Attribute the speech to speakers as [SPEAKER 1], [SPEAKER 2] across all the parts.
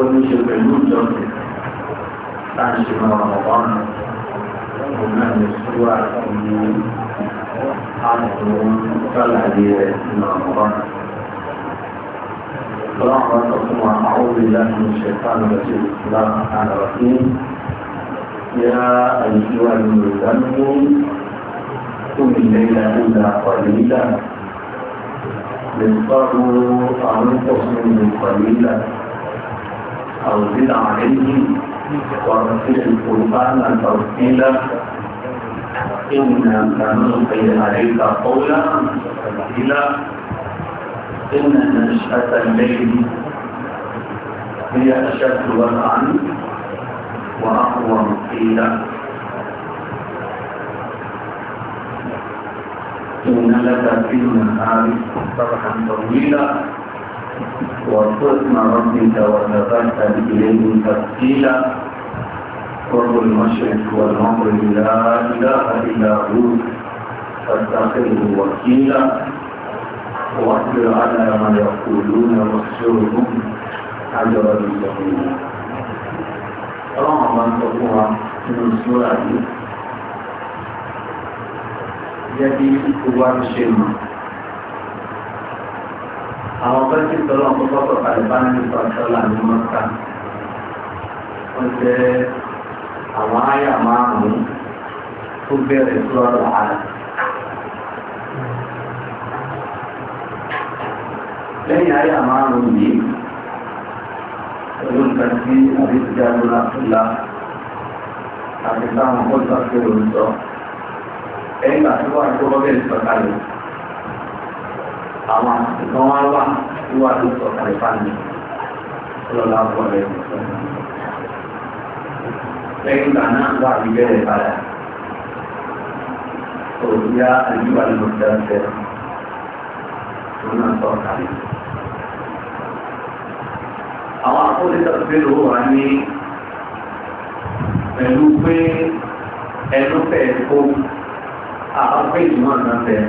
[SPEAKER 1] ó ní ṣe pẹ̀lú ìjọsìn láti ṣe máa ọ̀pọ̀n òun náà ní ṣúwà ní àwọn sálàyé rẹ̀ nínú ọ̀pọ̀n بالله من الشيطان الرجيم بسم الله الرحمن الرحيم يا أيها المزمل قم الليل إلا قليلا نصفه أو انقص منه قليلا أو زد عليه ورسل القرآن ترسيلا إنا نلقي عليك قولا ترسيلا إن نشأة الليل هي أشد وضعا وأقوى قيلا إن لك في النهار سبحا طويلا وحسن ربك وتبت إليه تبتيلا رب المشرق والمغرب لا إله إلا هو فاتخذه وكيلا واصبر على ما يقولون واحشرهم أجرا جميلا رغم أن تقوى من سورة جديد كبار الشيمه àwọn tó ti tọ́lọ́ ọ̀pọ̀lọpọ̀ kàlùbánu nípa ìṣọ́lá ní mọ́ta wọ́n jẹ́ àwọn àyà márùn-ún tó bẹ̀rẹ̀ sọ́rọ̀ àlà. lẹ́yìn àyà márùn-ún yìí pẹ̀lú nǹkan tí àbíkújá lọ́la fúlá àti táwọn ọ̀pọ̀lọpọ̀ fẹ́ràn sọ ẹ̀yìn àti wà tó bọ́bẹ̀ ìsọ̀kalẹ̀ àwọn nǹkan wá wà tí wà tó sọ kàlífà ní ọlọ́lá ọkọ rẹ̀ lẹ́yìn ìgbà náà wà ní bẹ́ẹ̀ padà òbíá àyíwá ní ọjà ń tẹ̀ tó náà sọ kàlífà. àwọn akọ́lẹ́tà tó bẹ̀rù wà ní pẹ̀lú pé ẹnu fẹ́ẹ̀ kó àwọn pé ìmọ̀ náà fẹ́ẹ̀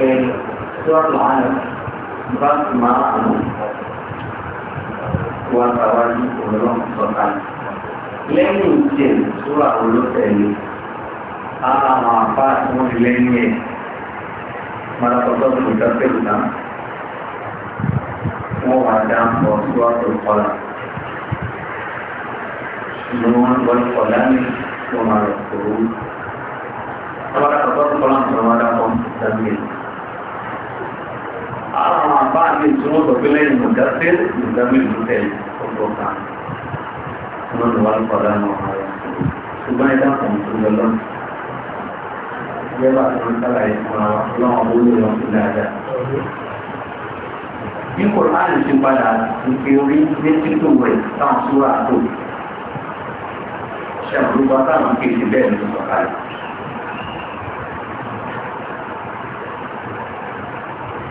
[SPEAKER 1] ẹ̀rí sọ́ọ̀tù àná bá tù máa àná wà tàwájú ọlọ́run sọ̀tà lẹ́yìn ìjẹ́ ìṣúra olóṣèlú ara àwọn àbá tí wọ́n ti lẹ́yìn ẹ̀ máa tọ́tọ́ tó ń dábẹ́rù náà wọ́n wá dá ọ̀ sọ́ọ̀tù kọlá ni wọ́n gbọ́ kọlá ní wọ́n rẹ̀ kúrú. Wọ́n wá dá ọ̀ sọ́ọ̀tù kọlá ní dá ọ̀ sọ́ọ̀tù àwọn àbá mi tí wọ́n sọ pé lẹ́yìn mọ̀gásẹ́ ìdámẹ́lú tẹ́lẹ̀ ọgbọ́ta wọ́n ni wọ́n padà náà ara ṣùgbọ́n ẹ̀dá kan tó lọ lọ́nà yẹ́bà tó ń sálàyé fún wa lọ́wọ́ olú lọ sí dáadáa bí kò láàrín ṣe padà ìpè orí ní títò rẹ̀ táwọn súra tó ṣe àbúrúgbà táwọn kéèké bẹ́ẹ̀ ló sọ̀kalẹ̀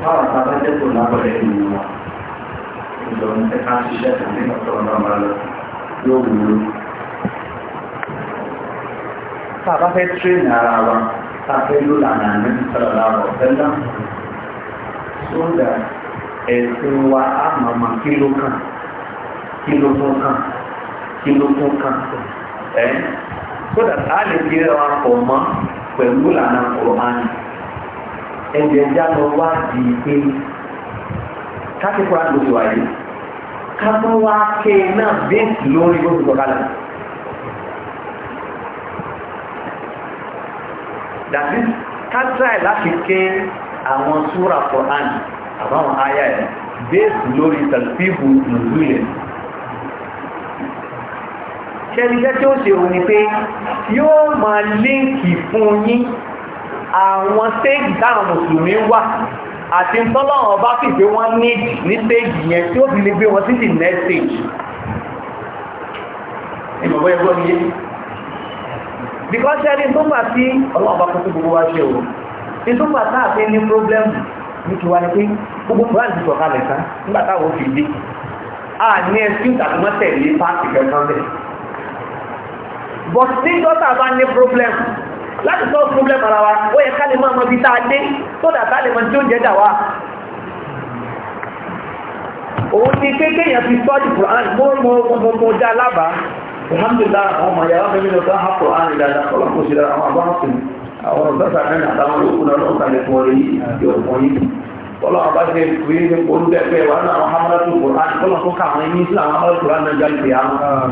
[SPEAKER 1] báwọn sábà jẹ́ tó lábẹ́rẹ́ ìlú wa ìjọ ń tẹ́ ká ṣiṣẹ́ tó ní ọ̀tọ̀ náà máa lọ yóò wúlò tá a bá fẹ́ tírèèni ara wa tá a fẹ́ ló lànà àmì sọ̀rọ̀ làwọn ọ̀fẹ́ náà sódà ẹ̀sìn wa á ẹ̀jẹ̀ ẹ̀já lọ wá di pé kákẹ́kọ̀ọ́ àgbòsò àyè ká mọ́ wá ké náà bẹ́ẹ̀sì lórí bó ti sọ̀kalẹ̀. dàbí kátíráì láti ké àwọn súra Qur'an àbáwọn àyà ẹ̀ bẹ́ẹ̀sì lórí tàbíbù nùzúlẹ̀ ṣẹ́ni iṣẹ́ tí ó ṣe òun ni pé yóò máa líǹkì fún yín àwọn stéèjì táwọn mùsùlùmí wà àti tọ́lọ́run ọba fi pé wọ́n ní ní stéèjì yẹn tí ó fi lè gbé wọn sí the next stage ìmọ̀gbọ́ ẹgbọ́ ni yé because ẹni tó gbà sí ọlọ́run ọba kọ́kọ́ gbogbo wa ṣe o ní tó gbà táà fi ní problem ní kí wá ní pé gbogbo plan ti sọ̀kalẹ̀ tán nígbà táwọn ò fi dé a ní excuse àti mọ́tẹ̀lé pàṣẹ kẹsàn-án bẹ́ẹ̀ but ní dọ́tà bá ní problem láti sọ problem ara wa ó yẹ ká lè máa mọ ibi tá a dé tó dà tá lè mọ tí ó ń jẹ́ dà wá òun ni kéèké yẹn fi sọ́ọ̀dì Quran mo mo mo mo dá lábàá alhamdulillah àwọn ọmọ yàrá mi nínú ká hapò àrùn dáadáa ọlọ́kùnrin àwọn àbáwọn àwọn ọ̀dọ́ta mẹ́rin àtàwọn olókùnrin ọlọ́kùnrin yóò ọlọ́run bá ṣe pé ní orúkọ ẹgbẹ́ wa náà àwọn amúlẹ́tò kò láti kọ́lọ̀ tó ká àwọn ẹni sí àwọn amúlẹ́tò láti náà jáde pé àwọn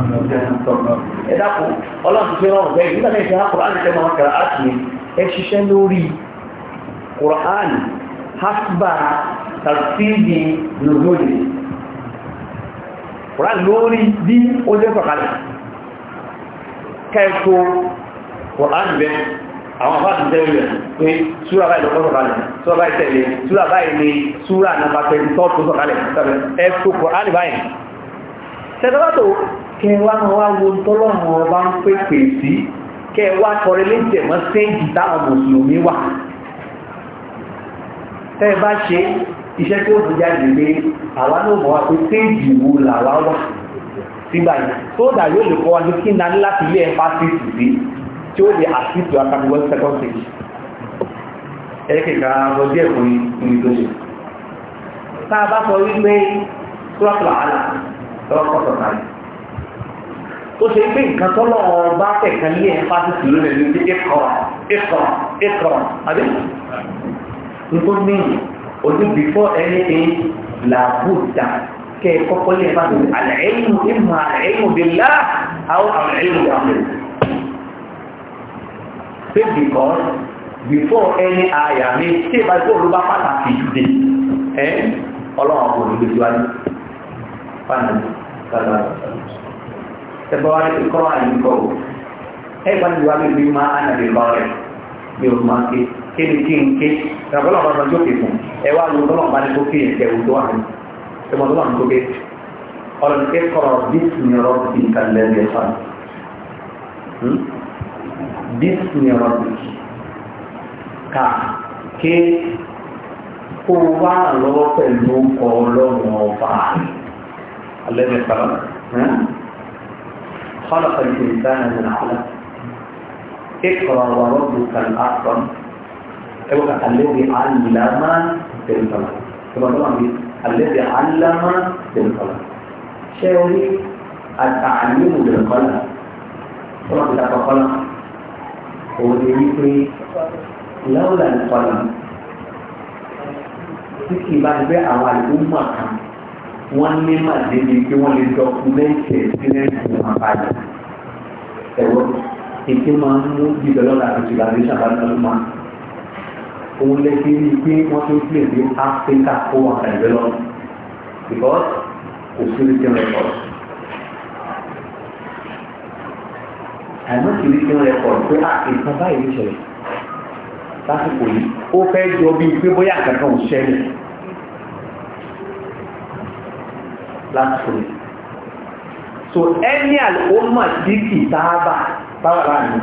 [SPEAKER 1] ẹ dákun ọlọ́run ti fẹ́ rọrùn bẹ́ẹ̀ nígbà tí ìṣẹ́ àkùrán ti tẹ́lẹ̀ wọn kẹrẹ á sì ẹ ṣiṣẹ́ lórí kùrán hasba tàbíìdì lòlóde kùrán lórí bí ó jẹ́ sọ̀kalẹ̀ kẹ́ẹ̀kọ́ kùrán bẹ́ẹ̀ àwọn àbáàdì tẹ́lẹ̀ rẹ̀ pé súra báyìí lọ́kọ́ sọ̀kalẹ̀ súra báyìí tẹ̀lé súra báyìí ni súra nàbà tẹ̀lé tọ́ọ̀tù sọ̀kalẹ̀ ẹ tó kọ̀ á lè báyìí. sẹ́dọ̀bàtò kẹ wá máa wá wo tọ́lọ́run ọba ń pè pè sí kẹ wá tọrẹ léjẹ̀ mọ́ séèjì táwọn mùsùlùmí wà. tẹ́ tí ó lè àtìtò àkàbíwọ́ second stage ẹ̀ẹ́kẹ̀ẹ́kà ọjọ́ ẹ̀kùn ní tó ṣe tá a bá sọ wípé sọ́ọ̀tù àlà lọ́kọ̀ọ̀tọ̀ náà ó ṣe pé nǹkan tọ́lọ̀ ọba tẹ̀kan lé ẹ̀fà sí ìlú rẹ̀ ní ti ẹ̀kọ́ ẹ̀kọ́ ẹ̀kọ́ àbí nǹkan ní ojú bífọ́ ẹni làbúta kẹ́ ẹ̀kọ́ pọ́lẹ̀ ẹ̀fà sí àlẹ́ ẹ̀yìn ìmọ̀ àlẹ́ ẹ̀yìn òbí lá àwọn àlẹ́ ẹ̀yìn òbí take because before any aya mi ṣé ìbá ìfọ̀ olùbá pàtàkì yìí dé ẹ́ ọlọ́run kò ní gbèsè wájú fáànù kàlá ẹgbẹ́ wa ní kọ́ àyè kọ́ o ẹ bá ní wàá bí máa ànàbì bá rẹ̀ bí o máa ké ké ní kí n ké ìrànlọ́wọ́ bá sọ́jọ́ kè fún ẹ wá lọ lọ́wọ́ bá ní kó kéèyàn kẹ́ òótọ́ wà ní ẹ mọ̀ tó wà ké ọ̀rọ̀ ké kọ́ bí bísí rabbiki ká ké kó wá lọ́wọ́ pẹ̀lú ọkọ̀ ọlọ́run ọba alẹ́bẹ̀ sábà خلق الإنسان من علق اقرأ وربك الأكرم ẹwọ́n alẹ́bí alama tẹ̀lifàlà tọ́bàtọ́bà mi alẹ́bí alama tẹ̀lifàlà ṣé orí àtàlímù tẹ̀lifàlà tọ́bàtọ́bà tẹ̀lifàlà òun ni wípé lọ́wọ́lá nìkanà tí kì í bá gbé àwọn àlùmọ̀ kan wọ́n ní màdébí pé wọ́n lè dọ́kúmẹ́ǹtì ẹ̀sìnẹ́ǹtì wọn báyìí ẹ̀rọ èké máa ń mú bíbẹ̀ lọ́la àti ìgbàlódé àbálọ́mà òun lè fi rí i pé wọ́n tó tilẹ̀ dé áfíríkà kó àkàndé lọ because kò sí ní kí rẹ̀ kọ́. àìmọ́ sì rí kí wọ́n rẹpọ̀ pé à ah, nǹkan báyìí ló ṣẹlẹ̀ lásìkò yìí ó fẹ́ jọ bíi pé bóyá nǹkan kan ò ṣẹlẹ̀ lásìkò yìí so ẹni àlùkòmọ̀ sí kìtáàbà bábà mi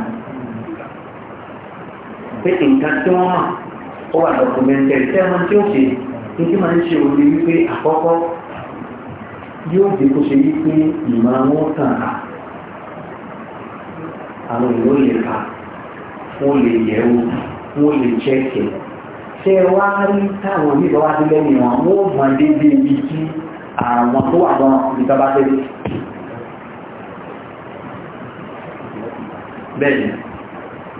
[SPEAKER 1] pé nǹkan tí wọ́n mọ̀ ó wà dọ̀kúmẹ́ntẹ̀ tẹ́wọ́n tí ó ṣe ní kí máa ń ṣe òní wípé àkọ́kọ́ yóò dé kó ṣe wípé ìmọ̀ àwọn kan kà àwọn ìlú lè ka wọ́n lè yẹ̀ wò wọ́n lè jẹ́kẹ̀ ṣé wá rí táwọn oníbọ̀ wá délé ni wọn wọ́n mọ̀ déédéé ibi tí àwọn tó wà wọn ìjọba tẹ́lẹ̀. bẹ́ẹ̀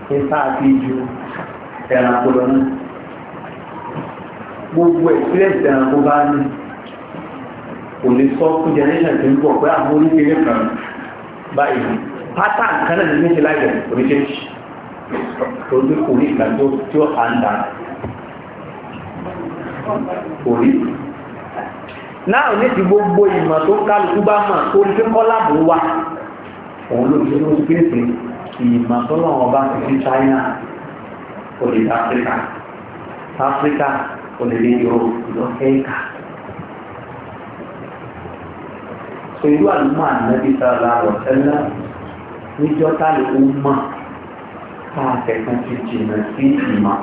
[SPEAKER 1] ni ipa àti ju ẹranko lọ náà gbogbo experience ẹranko bá ní kò lè sọ fún generation tó ń pé àwọn oníkéré kan báyìí pátá nǹkan náà ní méjì láyọ̀ ni torí orí ìgbà tó tó à ń dà orí. náà ní ti gbogbo ìmọ̀ tó kálukú bá mọ̀ tó ní kọ́lá bò wá òun ló ti ló ti pèsè ìmọ̀ tó lọ́wọ́ bá ti fi China òde Áfíríkà Áfíríkà òde ní Europe lọ́kẹ́ẹ̀ka. So irú àlùmọ́ ànábì sára ọ̀sẹ̀ náà níjọ́ táàlù ó mọ̀ tá a fẹ̀kan ti jìnnà sí ìmọ̀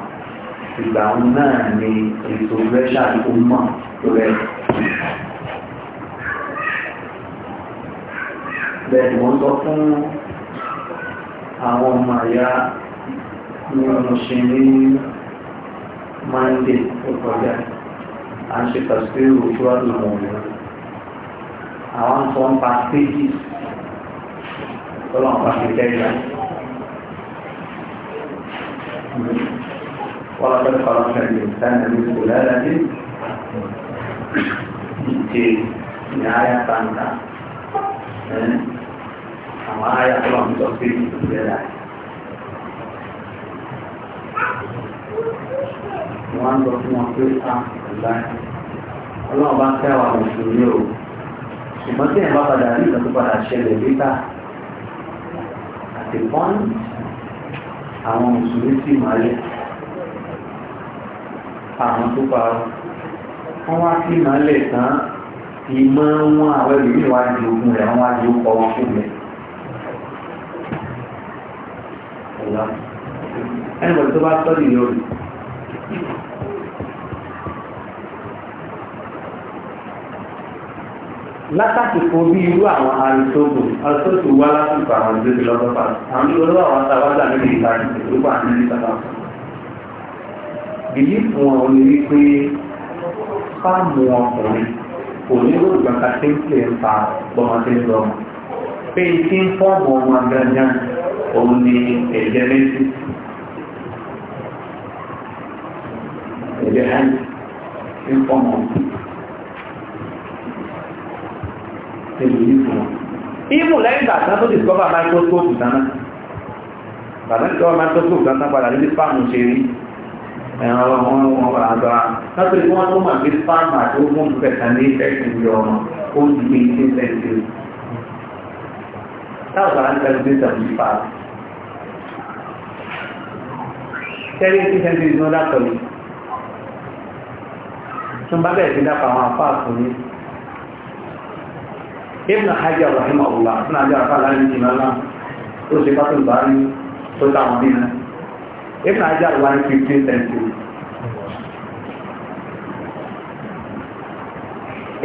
[SPEAKER 1] ìgbà òun náà ni ètò rẹ́ṣà ó mọ̀ rẹ̀. bẹ́ẹ̀ ni wọ́n sọ fún àwọn ọmọ àyà ní ọ̀nà ṣe ní Monday tó kọjá à ń ṣe pàṣípẹ́rù tó wà lọ́wọ́ àwọn sọ ń pa pages tọ́lọ́n bá fi lẹ́yìn wọ́n fẹ́ kọ́lọ́ fẹ́ẹ́ sẹ́ni ní kò lẹ́lẹ́dí ìdè ní àyà tàǹtà àwọn àyà tọ́lọ́n tó fi lẹ́lẹ́ wọ́n lọ fún wọn pé a láì ọlọ́run bá ń ìfọ́n àwọn mùsùlùmí sì máa lẹ̀ àwọn tó pa wọ́n wá sí máa lẹ̀ tán ìmọ̀ wọn àwọn ìlú ìwà di ogun rẹ̀ wọ́n wá di ó kọ́ wọn fún mi. ẹnìkan tó bá tọ́ nìyẹn o. látàkìkò bí irú àwọn àrùsọ́gbò àrùsọ́gbò wá lásìkò àwọn ìlú ìlọ́gọ́fà àwọn olówó àwọn tàwádà níbi ìtajà ìlú wà ní ìtajà bìyí fún ọ ní wípé fáàmù ọkùnrin kò ní ló gbàgbà tí ń pè ń pa gbọmọdé lọmọ pé kí ń fọ́ọ̀mù ọmọ agbájá òun ni ẹ̀jẹ̀ méjì ẹ̀jẹ̀ hàn ń fọ́ọ̀mù ọkùnrin tẹ̀lé yìí fún wọn ìmù lẹ́yìn ìgbà tán tó discover microscope dáná bàbá discover microscope dáná padà níbi spam ṣe rí ẹ̀rọ wọn wọn padà ń dọ́ra látọ̀ ìfún wọn tó mà gbé spam àti ogun pẹ̀sà ní ẹ̀sìn ìlú ọmọ ó ti gbé ní ẹ̀sìn ìlú táwọn bàbá ń tẹ̀lé ní ibn hajjá rahimahulá fún àjọ àfáàlá ní ìmọ̀lá tó ṣe pátó bá ní tó táwọn nínú ibn hajjá wà ní 15th century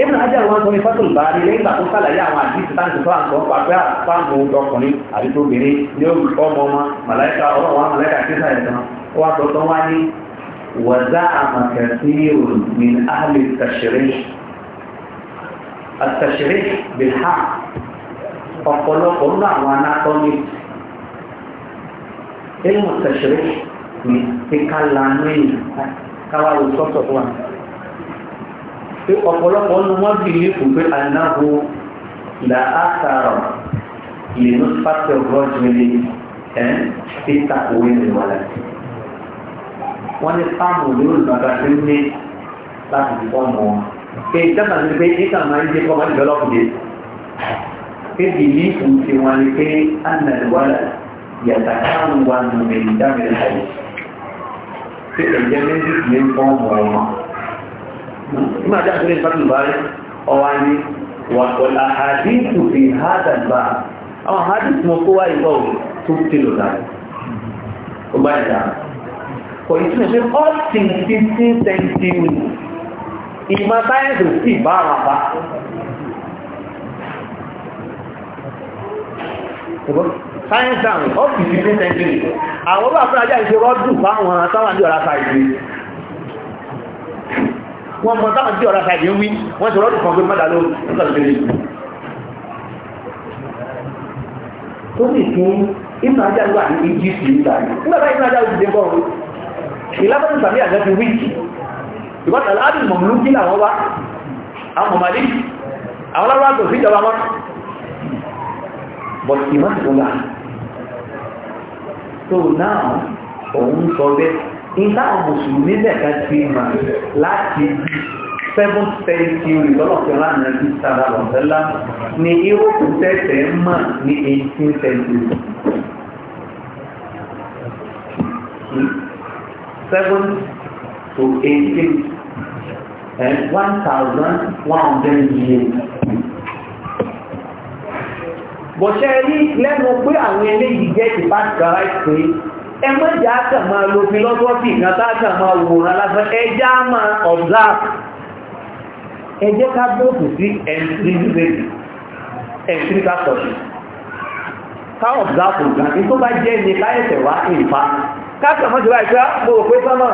[SPEAKER 1] ibn hajjá wà ní pátó bá ní lẹ́yìn ìgbà tó sàlàyé àwọn àdìsí táǹtì tó àǹtọ́ pàpẹ́ àpáàmù ọkùnrin àti tóbìnrin ní ọmọ ọmọ màláìka ọlọ́run wa màláìka kí sáyẹ̀ tán ó wá sọ tán wá ní wàzá min ahli tashrish àtẹ̀sẹ̀rẹ̀ bìlá ọ̀pọ̀lọpọ̀ ń bá àwọn anátọ́mí nínú àtẹ̀sẹ̀rẹ̀ ní kíkà lánà èyí káwá ló sọ́tọ̀ tó wà pé ọ̀pọ̀lọpọ̀ ń wọ́n bì ní ìpùpé anáhù là á sàrọ̀ lè ní pàṣẹ rọ́jìnlẹ̀ ẹ̀ títà owó ìrìnwálẹ̀ wọ́n ní fáàmù lórí bàbá tó ní láti fọ́ọ̀mù wọn pé dábà ní pé nígbà máa ń jẹ́ kọ́ máa dọ́lọ́pù dé pé bìlí fún ti wọn ni pé anàlùwàlà yàtà káwọn wà nù mí dábìlì àyè pé ẹ̀jẹ̀ méjì ní fọ́ọ̀mù ọ̀wọ́n nígbà tí a tún lè bá tún bá rí ọwá ní wàkọ̀lá àdínkù fi hádàgbà àwọn àdínkù mọ́ kó wá ìbọ̀ tó ti lò dáa ó bá ìdá kò ìtúnṣe all things fifteen centimeters ìmọ̀ sáyẹ́ǹsì sì bá wọn bá
[SPEAKER 2] sáyẹ́ǹsì àwọn ọ́fì fífún sẹ́ńtírì àwọn olú àfúrájá ìṣe
[SPEAKER 1] rọ́dù fáwọn sáwọn àdí ọ̀rá sáìdì wọ́n mọ̀ sáwọn àdí ọ̀rá sáìdì ń wí wọ́n ti rọ́dù kan pé mọ́dà ló ń sọ̀rọ̀ ìmọ̀ ajá wà ní egypt nígbà yìí ìbátà láàrín mọ̀mùlú kí làwọn wá àwọn mọ̀màdí àwọn lábúrá tó síjọba mọ́ but ìmọ̀síkúnlá so now òun sọ bẹ́ iná mùsùlùmí lẹ́ka ti mà láti bí 7th century lọ́lọ́pẹ̀lá náà ti sára lọ́tẹ́lá ní europe tẹ́tẹ̀ mọ̀ ní 18th to eighteen and eh, one one thousand 1,100 years. Bọ̀ṣẹ́ rí lẹ́nu pé àwọn eléyìí jẹ́ ti pàtàkì pé ẹmọ́jà kàn máa lo philosophy kan tákàn máa wòrán lásán ẹjá máa observe ẹjẹ́ ká bóòkù sí empirical study ká observe nǹkan tó bá jẹ́ ní káyẹ̀tẹ̀ wá ìfà ká kàn mọ́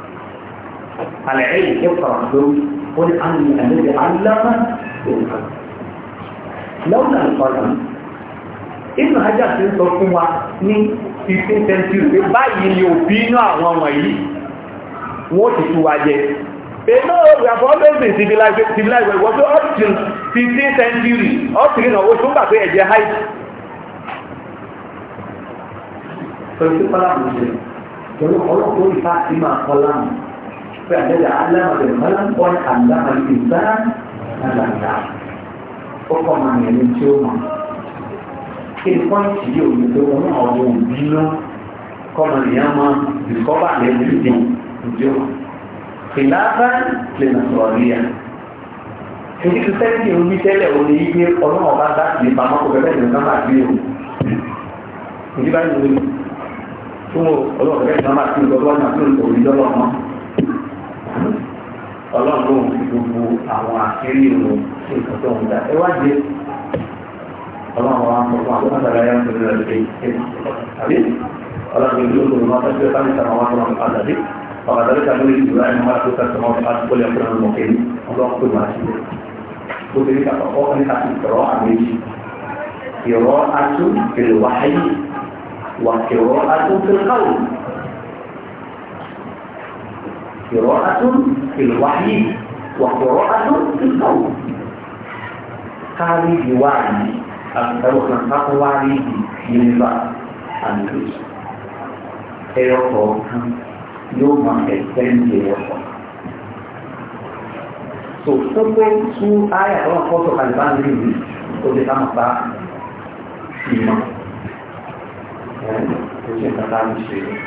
[SPEAKER 1] العلم اقرأ دول قل عني الذي علم بالقلم لولا القلم ابن حجر ti ń sọ fún wa ní 15th century pé báyìí ni òbí inú àwọn wọ̀nyí wọ́n ti tú wa jẹ èmọ́ we have always been civilized civilized wọ́n tó up till 15th century up till ìnáwó tó ń gbà pé ẹ̀jẹ̀ high pẹ̀lú pọ́lámù فأنت تعلم بالملم وعلم الإنسان ما لم anda ọkọ̀ máa yẹn ní tí ó mọ̀ kí ni pọ́ǹtì yìí ò ní tó wọn náà wọ òbí náà kọ́mọ nìyẹn máa dìkọ́bà lẹ́nu ìdíwọ̀n ìdíwọ̀n ìlàbá lè nà sọ̀rọ̀ rí ya èyí ti sẹ́yìn ìrún bí tẹ́lẹ̀ ò ní yíyé ọlọ́wọ́ bá dá sí ìpamọ́ kò bẹ́ẹ̀ ní nọ́mbà bí o ìdí bá yẹ wọlé fún ọlọ́wọ́ bẹ́ẹ̀ nọ́mbà bí o lọ́wọ́ náà fún òbí lọ́wọ́ náà ọlọ́run fi gbogbo àwọn àṣírí ìrò ṣe nǹkan tó ń da ẹ wá jẹ ọlọ́run wa ń sọ fún àwọn àgbàlá yẹn tó lọ sí ṣe àbí ọlọ́run ìlú òkú ló máa tẹ́tí ọ̀tá níta máa wá tó máa padà dé ọ̀gá tàbí tàbí lè jùlọ ẹni máa tó tẹ̀sán máa fi àti bọ́lẹ̀ fún ọmọ kẹ́lí ọlọ́run pè máa ṣe tó ní kàkọ́ ọkọ̀ ní kàkọ́ ìtọ̀rọ̀ àmẹ́jì ìrọ̀ atún wáyé wà ìrọ̀ atún fẹ́rẹ́ قراءة في الوحي وقراءة في القول هذه وعي أكثر من تقوى من بعض الناس أيوة يوم الثاني يوم So, tó pé tú ayà àwọn akọ́sọ̀ kàlùbá ní ìlú tó lè ká máa bá ìmọ̀. Ẹ̀rọ tó ṣe kàtà ní ṣe rẹ̀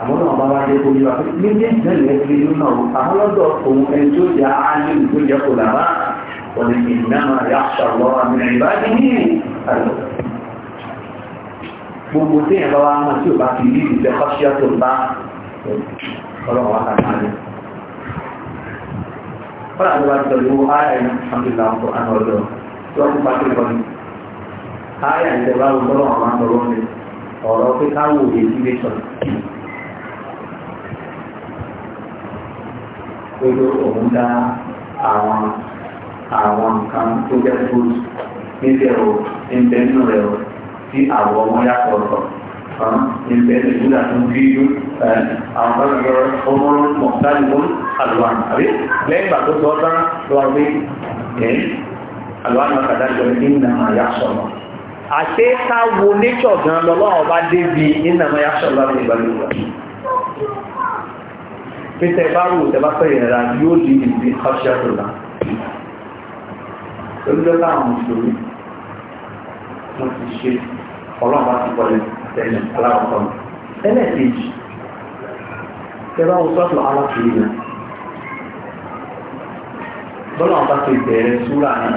[SPEAKER 1] àmọ́ náà bá wá dé kó yíwa pé méjèèjì náà lè fi inú náà àwọn lọ́dọ̀ òun ẹni tó jẹ́ ààyè tó jẹ́ kò làbá wọ́n ní ìnáma yàtọ̀ lọ́wọ́ àmì ìbájú ní àlọ́ gbogbo tí ẹ̀ bá wá mọ̀ tí ò bá fi rí ìfẹ́ kọ́ṣíà tó bá ọlọ́wọ́ àtàkùn rẹ̀ fọ́nà tó ọ̀rọ̀ pé káwọ̀ òye sí lórí òun dá àwọn àwọn nǹkan tó jẹ́ fúdù níbẹ̀ o níbẹ̀ nínú rẹ̀ o tí àwọ̀ ọmọ yàtọ̀ ọ̀tọ̀ níbẹ̀ nínú rẹ̀ tó ń bí yú àwọn ọ̀rọ̀ ọmọ mọ̀tálì mọ́ àlùwàn àbí lẹ́yìn ìgbà tó sọ tán lọ́wọ́ pé àlùwàn náà kàdá jọ ní ìnàmà yà sọ̀rọ̀ àṣé ká wo nature gan lọ́wọ́ ọba débi ìnàmà yà sọ̀rọ̀ láti ìgbàlódé pété bá wò tẹ́ bá fẹ́ yóò di ìdí ọ̀ṣẹ́ tó dá olùdó láwọn mùsùlùmí wọ́n ti ṣe ọlọ́ọ̀bá ti wọlé tẹ̀lé aláwọ̀kọ́ mi ẹlẹ́ẹ̀kejì tẹ́ bá wọ sọ́tò alákìrí náà bọ́lá wọn bá ti bẹ̀rẹ̀ súrà náà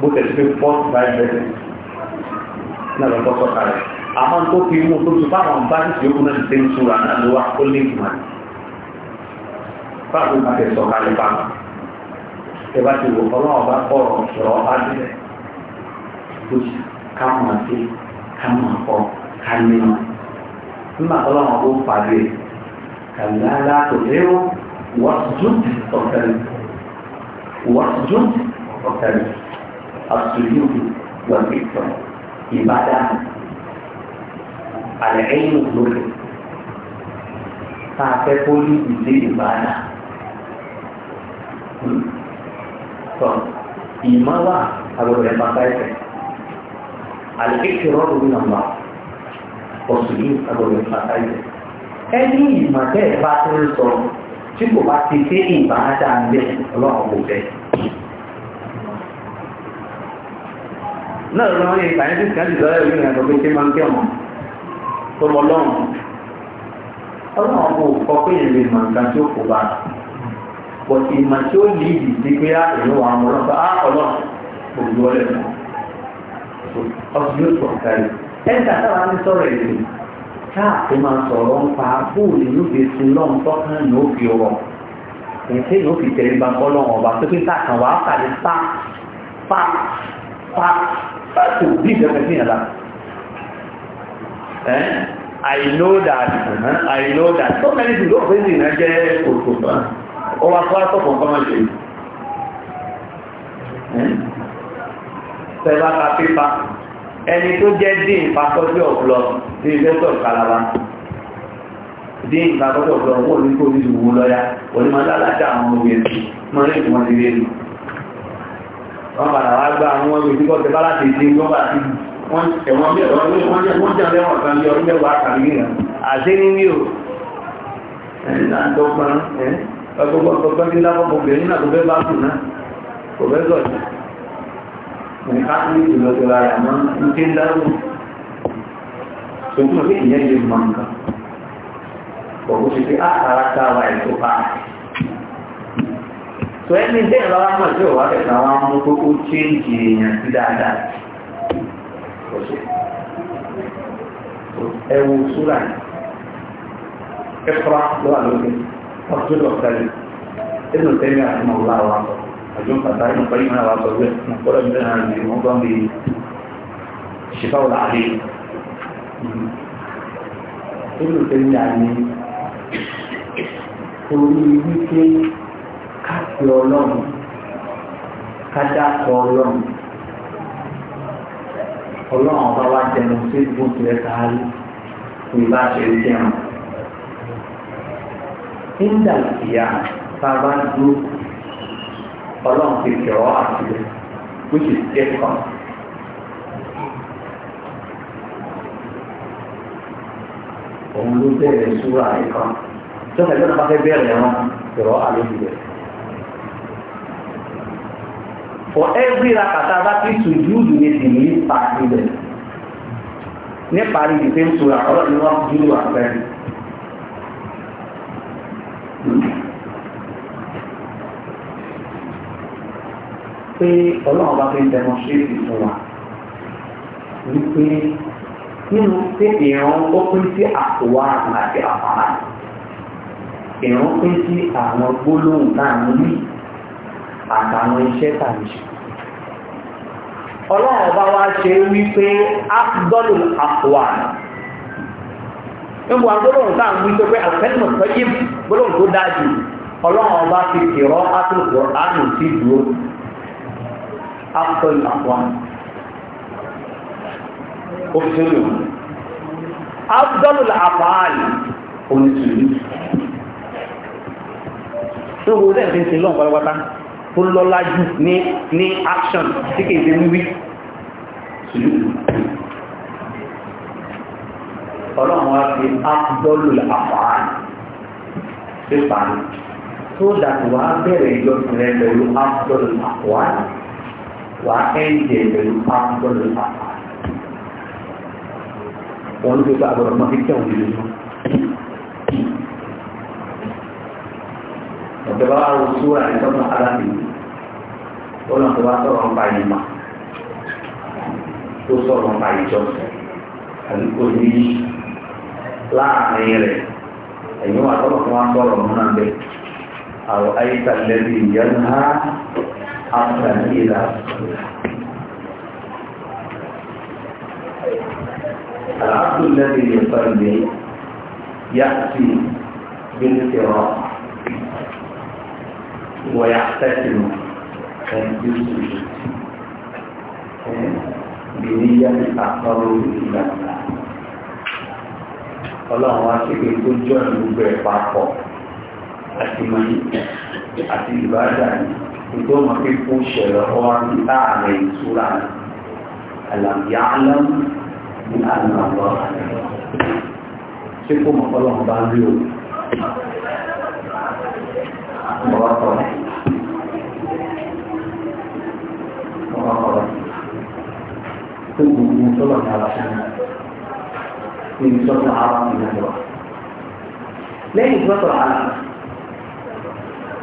[SPEAKER 1] bó tẹ̀lé pé fọ́ọ̀tù báyìí bẹ̀rẹ̀ náà lọ́kọ́ sọ́kà rẹ̀ àmọ́ tó fi mú tó ti bá wọn bá ti ó kú náà ti fáàbù bá ti sọ kalẹ̀ bá ẹ bá ti wò ọlọ́run bá kọ̀rọ̀ sọ̀rọ̀ bá dẹ̀ tó ká máa ṣe ká máa kọ ká ní ma nígbà ọlọ́run ó pàdé kàlá látòlé ó wàásù ọ̀tẹ̀lẹ̀ wàásù ọ̀tẹ̀lẹ̀ àtúnyù wàlíkọ̀ ìbádà àlẹ́ ẹ̀yìn lókè tá a fẹ́ kó ní ìdí ìbádà tọ́ ìmọ̀ wà àgbẹ̀wò rẹ̀ bàtà ẹ̀fẹ̀ àlẹ́kẹ̀kẹ̀ rọ́ọ̀bù ní nàmbà ọ̀sùn yìí àgbẹ̀wò rẹ̀ bàtà ẹ̀fẹ̀ ẹni ìmọ̀ tẹ́ ẹ̀ bá tó ń sọ tí kò bá ti dé ìgbà dáa ń bẹ̀ ọlọ́run kò bẹ̀. náà lọ́wọ́ ní scientist kan ti sọ́rọ̀ ìlú ìrìnàjò pé ṣé máa ń kẹ́wọ̀n tó mọ lọ́rùn ọlọ́run kò kọ́ pé ìrìn màǹkà tó kò bá a but ìmọ̀ tí ó ní ìdí sí pé á ìlú àwọn ọmọ náà á ọlọ́run òbí wọlé náà ọtí yóò sọ kárí ẹ̀ńtà sábà ń sọ̀rọ̀ èdè káàkó máa sọ̀rọ̀ ń pa bóòlù lóde sí lọ́n tọ́kàn ní òbí ọ̀rọ̀ ẹ̀ńtẹ́ yóò fi tẹ̀lé ba bọ́lọ̀ ọ̀bà tó pé táàkàn wàá pàdé pa pa pa pa kò bí ìjọba sí yàrá ẹ̀ I know that uh -huh, I know that so many people don't face in a jẹ́ òkùnkùn ó wá fún àtọ̀kọ̀ kan máa ṣe yìí. Sẹ́lá ka pípa ẹni tó jẹ́ dín ìfakọ́jọ́ ọ̀pọ̀lọ́ ní ìfẹ́sọ̀ kalaba dín ìfakọ́jọ́ ọ̀pọ̀lọ́ wọ́n ní kó ní ìwú lọ́yà onímọ̀lá alájà àwọn obìnrin mọ̀ ní ìwọ̀n ti rí wọ́n padà wá gbá àwọn ọmọ ìdíkọ́ tẹ bá láti dín wọ́n bá ti wọ́n ẹ̀wọ̀n bí ọ̀rọ̀ wọ́n jẹ́ lẹ́wọ̀n kan bí ọdún mẹ́wàá gbogbo ọ̀pọ̀pọ̀ ní lápapọ̀ obìnrin náà kò fẹ́ bá sùn náà kò fẹ́ sọ̀tì ní káàkiri ìjùlọ tó ra àmọ́ ní tí ń dárò tuntun ní ìyẹn lè mọ nǹkan kò kó ṣe pé á ah, ara ká wa ètò pa tó ẹni bẹ́ẹ̀ lọ́wọ́ mọ̀ tí òwá kẹta wa mú kó kó èèyàn sí dáadáa kò ṣe ẹ lọ́wọ́ lókè ọ̀tún lọ́kàlẹ̀ ẹnu tẹ́lẹ̀ àtúmọ̀ ọ̀la wa sọ àjọ pàtà inú pẹ̀lú ìmọ̀ wa sọ wẹ̀ mọ̀ kọ́lọ̀ náà ní wọ́n bá mi ṣèpá ọ̀la àdé ẹnu tẹ́lẹ̀ àní torí wípé káàkiri ọlọ́run kájà ọlọ́run ọlọ́run ọba wa jẹun sí gbòǹtì rẹ̀ káàárí kò ì bá ṣe é jẹun nígbà ìyá bàbá dúró ọlọ́run ti kẹ̀rọ àtìlẹ̀ which is ẹ̀kọ́. òun ló bẹ̀rẹ̀ súra ẹ̀kọ́ tó ẹ̀jọ́ náà bá fẹ́ bẹ̀rẹ̀ wọn kẹ̀rọ àlejò for every rakata bá ti sùjúdù ní tìmí pàṣẹ nípa rí ìdíje ń sura ọlọ́run wọn júlù àpẹẹrẹ. pé ọlọ́run bá fi ń demonstrate fún wa wípé nínú pé ìran ó pín sí àkówá àti àfàrà ìran pín sí àwọn gbólóhùn náà nílì àtàwọn iṣẹ́ tàbí ṣe ọlọ́run bá wá ṣe wípé afdọ́lù àkówá nígbà wọn gbólóhùn náà wí tó pé àfẹ́sùn tó yí gbólóhùn tó dájú ọlọ́run bá fi kìrọ́ àtúntò àrùn sí dúró akọ ìlàpọ̀ òfìsẹ́lò abdọ́lùlà àfáàlì oníṣìlú tó wo rẹ̀ fi ń sin lọ́n pátápátá tó lọ́lá jù ní ní action tí kìí ṣe wíwí sílù ọlọ́run wá fi abdọ́lùlà àfáàlì pípa tó dàtí wá bẹ̀rẹ̀ ìjọ tìrẹ pẹ̀lú abdọ́lùlà àfáàlì wà á ẹ̀ǹdẹ̀ pẹ̀lú pàtó lórí pàtó wọn ló gbégbá àgbọ̀dọ̀ mọ́ kíkẹ́ òun lè mọ́ ọ̀dọ̀ bá wọ́n súra ìtọ́nà aláàbìyí wọ́n lọ́n tó bá sọ̀rọ̀ ń pa ìmọ̀ tó sọ̀rọ̀ ń pa ìjọ àbí kò ní láàrin rẹ̀ ẹ̀yìn wà tọ́lọ̀ fún wa sọ̀rọ̀ mọ́ bẹ́ẹ̀ àwọn ayé tàlẹ́bí ìyá náà حتى إذا العبد الذي يصلي يأتي بالقراءة ويحتكم الجزء بنية التقرب إلى الله ọlọ́run wá sí pé tó jọ́ ìlú bẹ̀rẹ̀ papọ̀ àti mọ̀ àti ìbádà yìí 你多么会不学的话，你大没出来，让牙人你按哪个？最后我们弄班六，我操！这五年多少年了？你说是阿拉年是吧？那你说是阿拉？